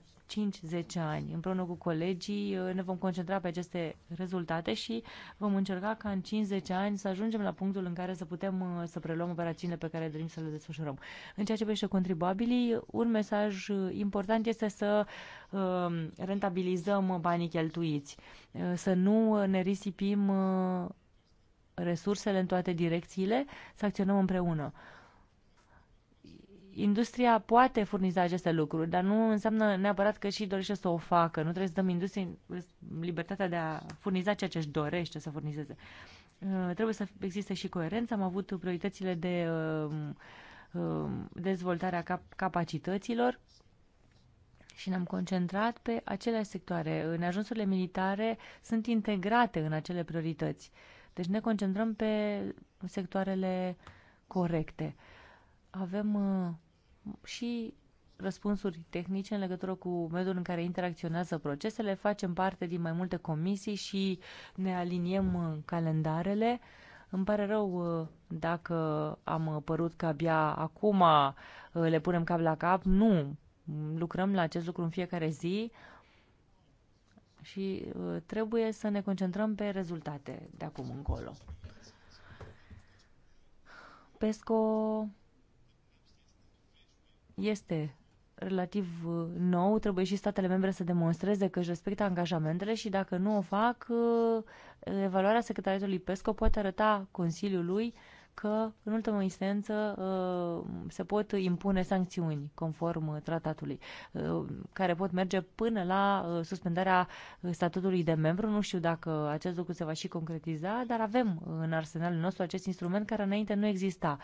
5-10 ani. Împreună cu colegii uh, ne vom concentra pe aceste rezultate și vom încerca ca în 5-10 ani să ajungem la punctul în care să putem uh, să preluăm operațiunile pe care dorim să le desfășurăm. În ceea ce privește contribuabilii, un mesaj uh, important este să rentabilizăm banii cheltuiți, să nu ne risipim resursele în toate direcțiile, să acționăm împreună industria poate furniza aceste lucruri, dar nu înseamnă neapărat că și dorește să o facă. Nu trebuie să dăm industriei libertatea de a furniza ceea ce își dorește să furnizeze. Uh, trebuie să existe și coerență. Am avut prioritățile de um, um, dezvoltarea capacităților și ne-am concentrat pe acele sectoare. Neajunsurile militare sunt integrate în acele priorități. Deci ne concentrăm pe sectoarele corecte avem uh, și răspunsuri tehnice în legătură cu mediul în care interacționează procesele. Facem parte din mai multe comisii și ne aliniem uh, calendarele. Îmi pare rău uh, dacă am părut că abia acum uh, le punem cap la cap. Nu, lucrăm la acest lucru în fiecare zi și trebuie să ne concentrăm pe rezultate de acum încolo. PESCO este relativ uh, nou, trebuie și statele membre să demonstreze că își respectă angajamentele și dacă nu o fac, uh, evaluarea secretariatului PESCO poate arăta Consiliului că, în ultimă instanță, uh, se pot impune sancțiuni conform tratatului, care pot merge până la suspendarea statutului de membru. Nu știu dacă acest lucru se va și concretiza, dar avem în arsenalul nostru acest instrument care înainte nu exista.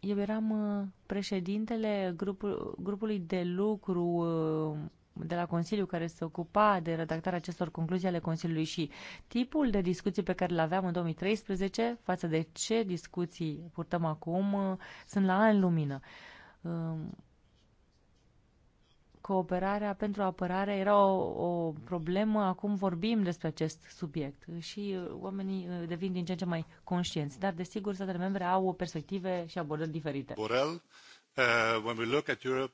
Eu eram uh, președintele grupul, grupului de lucru uh, de la Consiliu care se ocupa de redactarea acestor concluzii ale Consiliului și tipul de discuții pe care le aveam în 2013 față de ce discuții purtăm acum uh, sunt la ani lumină cooperarea pentru apărare era o, o problemă, acum vorbim despre acest subiect și oamenii uh, devin din ce în ce mai conștienți. Dar, desigur, statele membre au perspective și abordări diferite. Borel. Uh,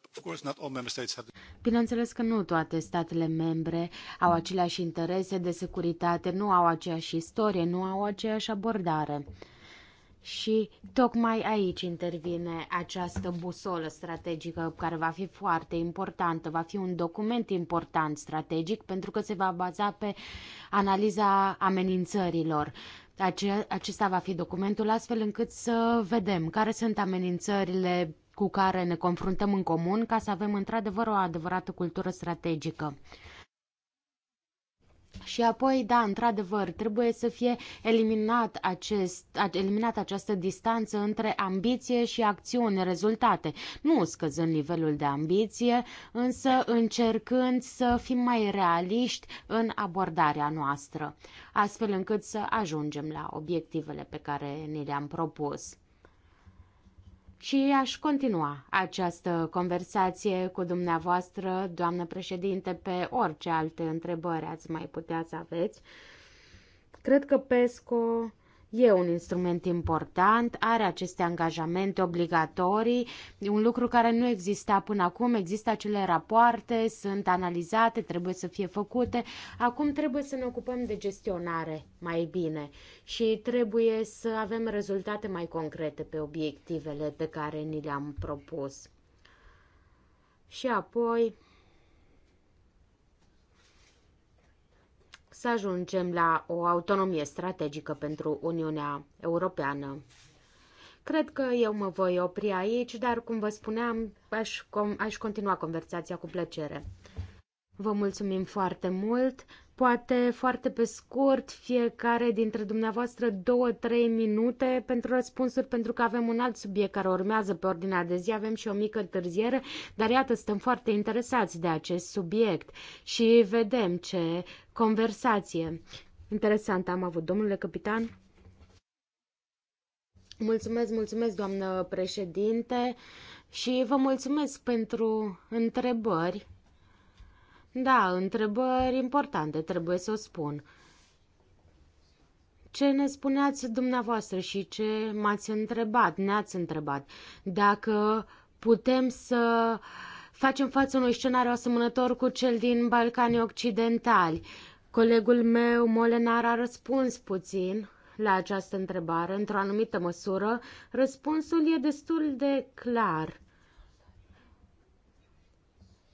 Bineînțeles că nu toate statele membre au aceleași interese de securitate, nu au aceeași istorie, nu au aceeași abordare. Și tocmai aici intervine această busolă strategică care va fi foarte importantă, va fi un document important strategic pentru că se va baza pe analiza amenințărilor. Ace- acesta va fi documentul astfel încât să vedem care sunt amenințările cu care ne confruntăm în comun ca să avem într-adevăr o adevărată cultură strategică. Și apoi, da, într-adevăr, trebuie să fie eliminat acest, eliminat această distanță între ambiție și acțiune, rezultate. Nu scăzând nivelul de ambiție, însă încercând să fim mai realiști în abordarea noastră, astfel încât să ajungem la obiectivele pe care ni le-am propus și aș continua această conversație cu dumneavoastră, doamnă președinte, pe orice alte întrebări ați mai putea să aveți. Cred că PESCO E un instrument important, are aceste angajamente obligatorii, un lucru care nu exista până acum, există acele rapoarte, sunt analizate, trebuie să fie făcute. Acum trebuie să ne ocupăm de gestionare mai bine și trebuie să avem rezultate mai concrete pe obiectivele pe care ni le-am propus. Și apoi, să ajungem la o autonomie strategică pentru Uniunea Europeană. Cred că eu mă voi opri aici, dar, cum vă spuneam, aș, com- aș continua conversația cu plăcere. Vă mulțumim foarte mult. Poate foarte pe scurt, fiecare dintre dumneavoastră două, trei minute pentru răspunsuri, pentru că avem un alt subiect care urmează pe ordinea de zi, avem și o mică întârziere, dar iată, suntem foarte interesați de acest subiect și vedem ce conversație interesantă am avut. Domnule capitan? Mulțumesc, mulțumesc, doamnă președinte, și vă mulțumesc pentru întrebări. Da, întrebări importante, trebuie să o spun. Ce ne spuneați dumneavoastră și ce m-ați întrebat, ne-ați întrebat, dacă putem să facem față unui scenariu asemănător cu cel din Balcanii Occidentali. Colegul meu, Molenar, a răspuns puțin la această întrebare, într-o anumită măsură. Răspunsul e destul de clar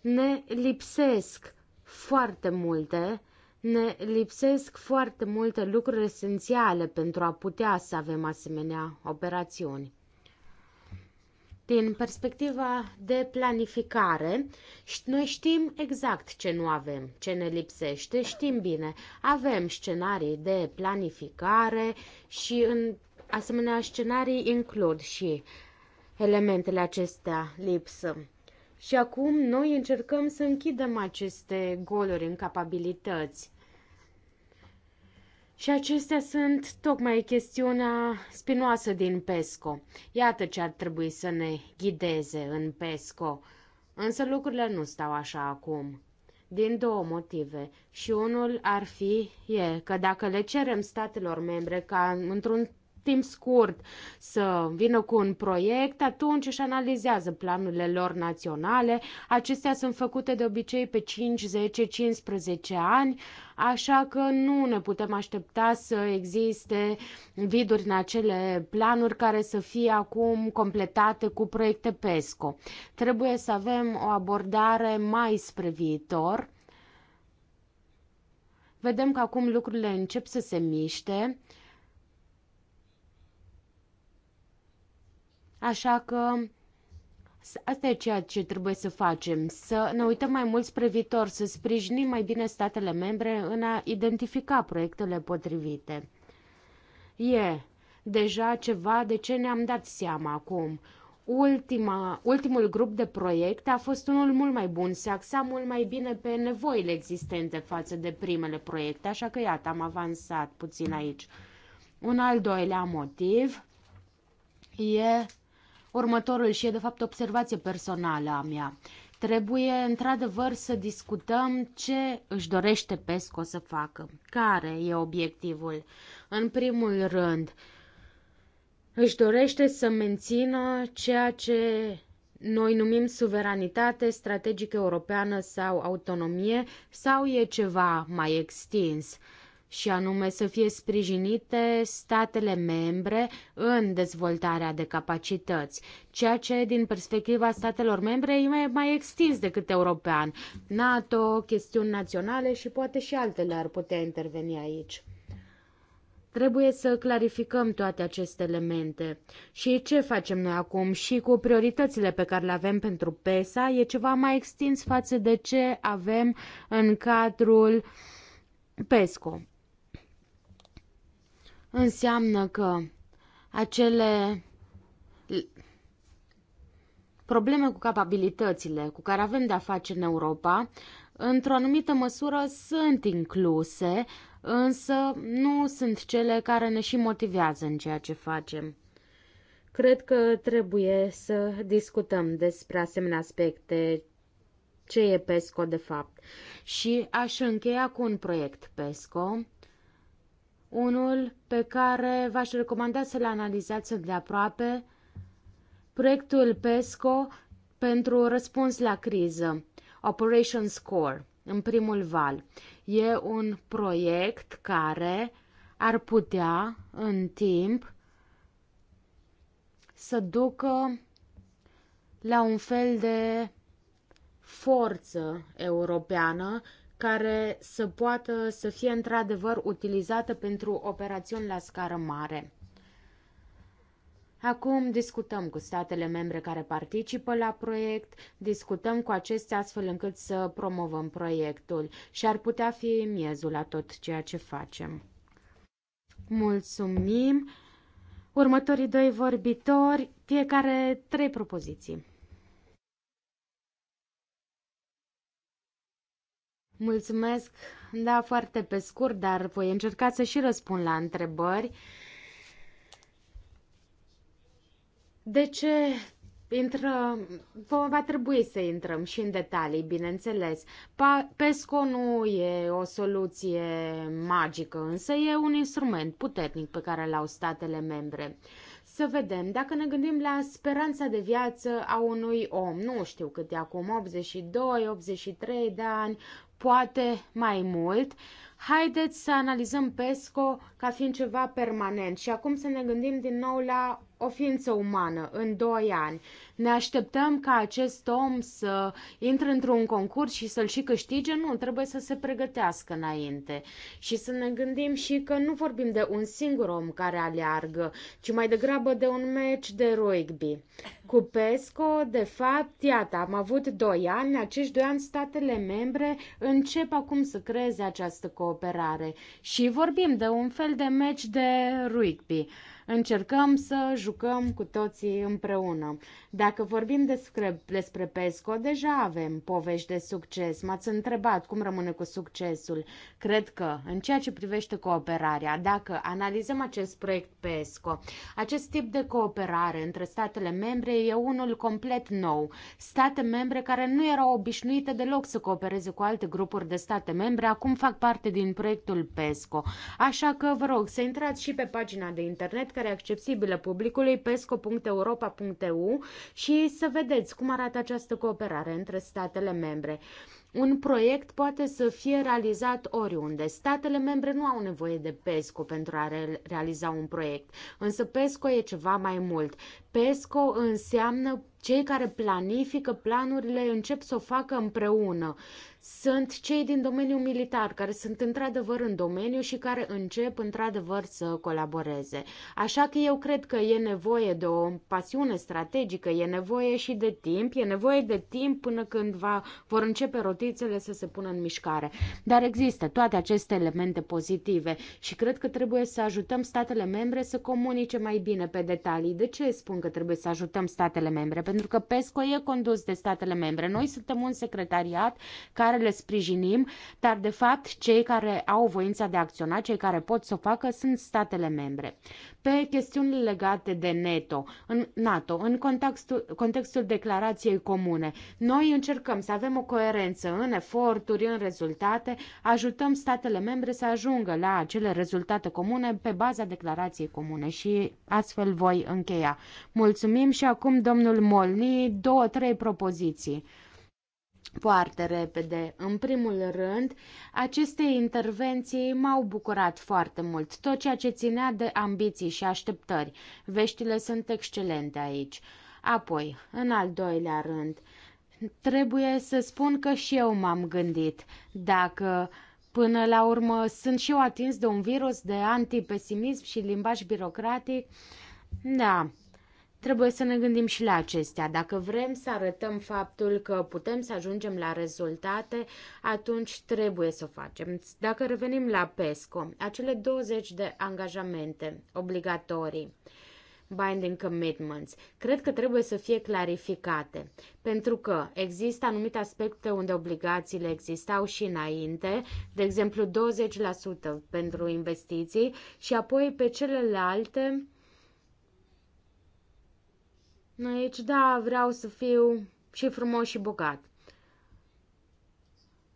ne lipsesc foarte multe, ne lipsesc foarte multe lucruri esențiale pentru a putea să avem asemenea operațiuni. Din perspectiva de planificare, noi știm exact ce nu avem, ce ne lipsește, știm bine. Avem scenarii de planificare și în asemenea scenarii includ și elementele acestea lipsă. Și acum noi încercăm să închidem aceste goluri în capabilități. Și acestea sunt tocmai chestiunea spinoasă din PESCO. Iată ce ar trebui să ne ghideze în PESCO. Însă lucrurile nu stau așa acum. Din două motive. Și unul ar fi e că dacă le cerem statelor membre ca într-un timp scurt să vină cu un proiect, atunci își analizează planurile lor naționale. Acestea sunt făcute de obicei pe 5, 10, 15 ani, așa că nu ne putem aștepta să existe viduri în acele planuri care să fie acum completate cu proiecte PESCO. Trebuie să avem o abordare mai spre viitor. Vedem că acum lucrurile încep să se miște Așa că asta e ceea ce trebuie să facem, să ne uităm mai mult spre viitor, să sprijinim mai bine statele membre în a identifica proiectele potrivite. E deja ceva de ce ne-am dat seama acum ultima, ultimul grup de proiecte a fost unul mult mai bun, se axa mult mai bine pe nevoile existente față de primele proiecte, așa că iată, am avansat puțin aici. Un al doilea motiv e Următorul și e de fapt observație personală a mea. Trebuie într-adevăr să discutăm ce își dorește PESCO să facă. Care e obiectivul? În primul rând, își dorește să mențină ceea ce noi numim suveranitate strategică europeană sau autonomie sau e ceva mai extins? și anume să fie sprijinite statele membre în dezvoltarea de capacități, ceea ce din perspectiva statelor membre e mai, mai extins decât european. NATO, chestiuni naționale și poate și altele ar putea interveni aici. Trebuie să clarificăm toate aceste elemente. Și ce facem noi acum și cu prioritățile pe care le avem pentru PESA e ceva mai extins față de ce avem în cadrul PESCO înseamnă că acele probleme cu capabilitățile cu care avem de-a face în Europa, într-o anumită măsură sunt incluse, însă nu sunt cele care ne și motivează în ceea ce facem. Cred că trebuie să discutăm despre asemenea aspecte ce e PESCO de fapt. Și aș încheia cu un proiect PESCO unul pe care v-aș recomanda să-l analizați de aproape, proiectul PESCO pentru răspuns la criză, Operation Score, în primul val. E un proiect care ar putea, în timp, să ducă la un fel de forță europeană care să poată să fie într-adevăr utilizată pentru operațiuni la scară mare. Acum discutăm cu statele membre care participă la proiect, discutăm cu acestea astfel încât să promovăm proiectul și ar putea fi miezul la tot ceea ce facem. Mulțumim! Următorii doi vorbitori, fiecare trei propoziții. Mulțumesc. Da, foarte pe scurt, dar voi încerca să și răspund la întrebări. De ce intră, va trebui să intrăm și în detalii, bineînțeles. PESCO nu e o soluție magică, însă e un instrument puternic pe care l-au statele membre. Uh, să vedem, dacă ne gândim la speranța de viață a unui om, nu știu cât acum, 82, 83 de ani, poate mai mult, haideți să analizăm PESCO ca fiind ceva permanent și acum să ne gândim din nou la o ființă umană în 2 ani. Ne așteptăm ca acest om să intre într-un concurs și să-l și câștige? Nu, trebuie să se pregătească înainte. Și să ne gândim și că nu vorbim de un singur om care aleargă, ci mai degrabă de un meci de rugby. Cu PESCO, de fapt, iată, am avut 2 ani, acești 2 ani statele membre încep acum să creeze această cooperare și vorbim de un fel de meci de rugby Încercăm să jucăm cu toții împreună. Dacă vorbim despre, despre PESCO, deja avem povești de succes. M-ați întrebat cum rămâne cu succesul. Cred că, în ceea ce privește cooperarea, dacă analizăm acest proiect PESCO, acest tip de cooperare între statele membre e unul complet nou. State membre care nu erau obișnuite deloc să coopereze cu alte grupuri de state membre, acum fac parte din proiectul PESCO. Așa că vă rog să intrați și pe pagina de internet care e accesibilă publicului, pesco.europa.eu și să vedeți cum arată această cooperare între statele membre. Un proiect poate să fie realizat oriunde. Statele membre nu au nevoie de PESCO pentru a realiza un proiect, însă PESCO e ceva mai mult. PESCO înseamnă cei care planifică planurile încep să o facă împreună sunt cei din domeniul militar, care sunt într-adevăr în domeniu și care încep într-adevăr să colaboreze. Așa că eu cred că e nevoie de o pasiune strategică, e nevoie și de timp, e nevoie de timp până când va, vor începe rotițele să se pună în mișcare. Dar există toate aceste elemente pozitive și cred că trebuie să ajutăm statele membre să comunice mai bine pe detalii. De ce spun că trebuie să ajutăm statele membre? Pentru că PESCO e condus de statele membre. Noi suntem un secretariat care care le sprijinim, dar de fapt cei care au voința de a acționa, cei care pot să o facă, sunt statele membre. Pe chestiunile legate de NATO, în NATO, în contextul, contextul declarației comune, noi încercăm să avem o coerență în eforturi, în rezultate, ajutăm statele membre să ajungă la acele rezultate comune pe baza declarației comune și astfel voi încheia. Mulțumim și acum domnul Molni, două, trei propoziții foarte repede. În primul rând, aceste intervenții m-au bucurat foarte mult, tot ceea ce ținea de ambiții și așteptări. Veștile sunt excelente aici. Apoi, în al doilea rând, trebuie să spun că și eu m-am gândit dacă Până la urmă, sunt și eu atins de un virus de antipesimism și limbaj birocratic. Da, Trebuie să ne gândim și la acestea. Dacă vrem să arătăm faptul că putem să ajungem la rezultate, atunci trebuie să o facem. Dacă revenim la PESCO, acele 20 de angajamente obligatorii, binding commitments, cred că trebuie să fie clarificate, pentru că există anumite aspecte unde obligațiile existau și înainte, de exemplu 20% pentru investiții și apoi pe celelalte Aici, da, vreau să fiu și frumos și bogat.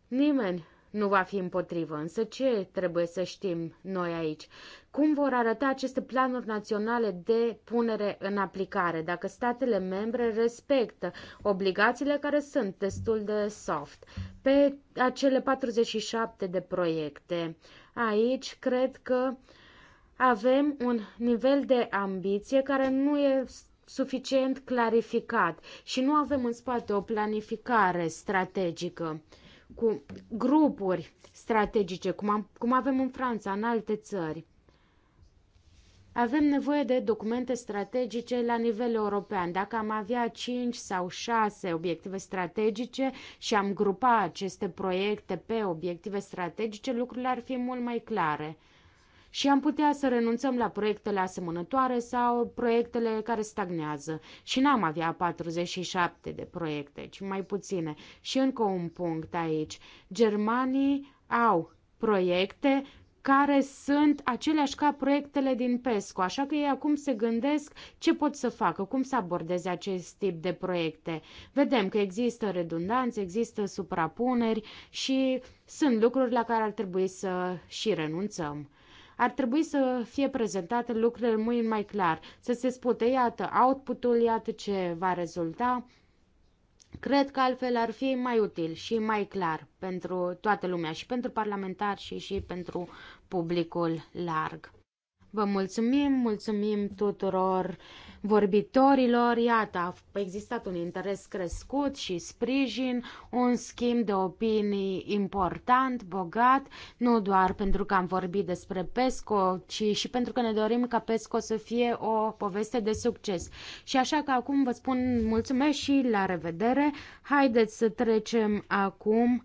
Nimeni nu va fi împotrivă, însă ce trebuie să știm noi aici? Cum vor arăta aceste planuri naționale de punere în aplicare, dacă statele membre respectă obligațiile care sunt destul de soft pe acele 47 de proiecte? Aici cred că avem un nivel de ambiție care nu este suficient clarificat și nu avem în spate o planificare strategică cu grupuri strategice, cum, am, cum avem în Franța, în alte țări. Avem nevoie de documente strategice la nivel european. Dacă am avea 5 sau 6 obiective strategice și am grupa aceste proiecte pe obiective strategice, lucrurile ar fi mult mai clare și am putea să renunțăm la proiectele asemănătoare sau proiectele care stagnează. Și n-am avea 47 de proiecte, ci mai puține. Și încă un punct aici. Germanii au proiecte care sunt aceleași ca proiectele din PESCO, așa că ei acum se gândesc ce pot să facă, cum să abordeze acest tip de proiecte. Vedem că există redundanțe, există suprapuneri și sunt lucruri la care ar trebui să și renunțăm ar trebui să fie prezentate lucrurile mult mai clar, să se spute, iată, output-ul, iată ce va rezulta. Cred că altfel ar fi mai util și mai clar pentru toată lumea, și pentru parlamentari și și pentru publicul larg. Vă mulțumim, mulțumim tuturor vorbitorilor. Iată, a existat un interes crescut și sprijin, un schimb de opinii important, bogat, nu doar pentru că am vorbit despre PESCO, ci și pentru că ne dorim ca PESCO să fie o poveste de succes. Și așa că acum vă spun mulțumesc și la revedere. Haideți să trecem acum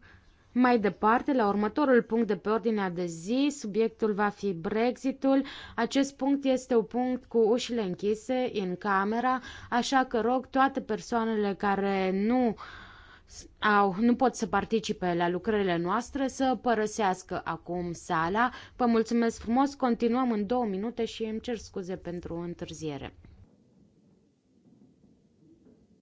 mai departe, la următorul punct de pe ordinea de zi, subiectul va fi Brexitul. Acest punct este un punct cu ușile închise în camera, așa că rog toate persoanele care nu au, nu pot să participe la lucrările noastre să părăsească acum sala. Vă mulțumesc frumos, continuăm în două minute și îmi cer scuze pentru întârziere.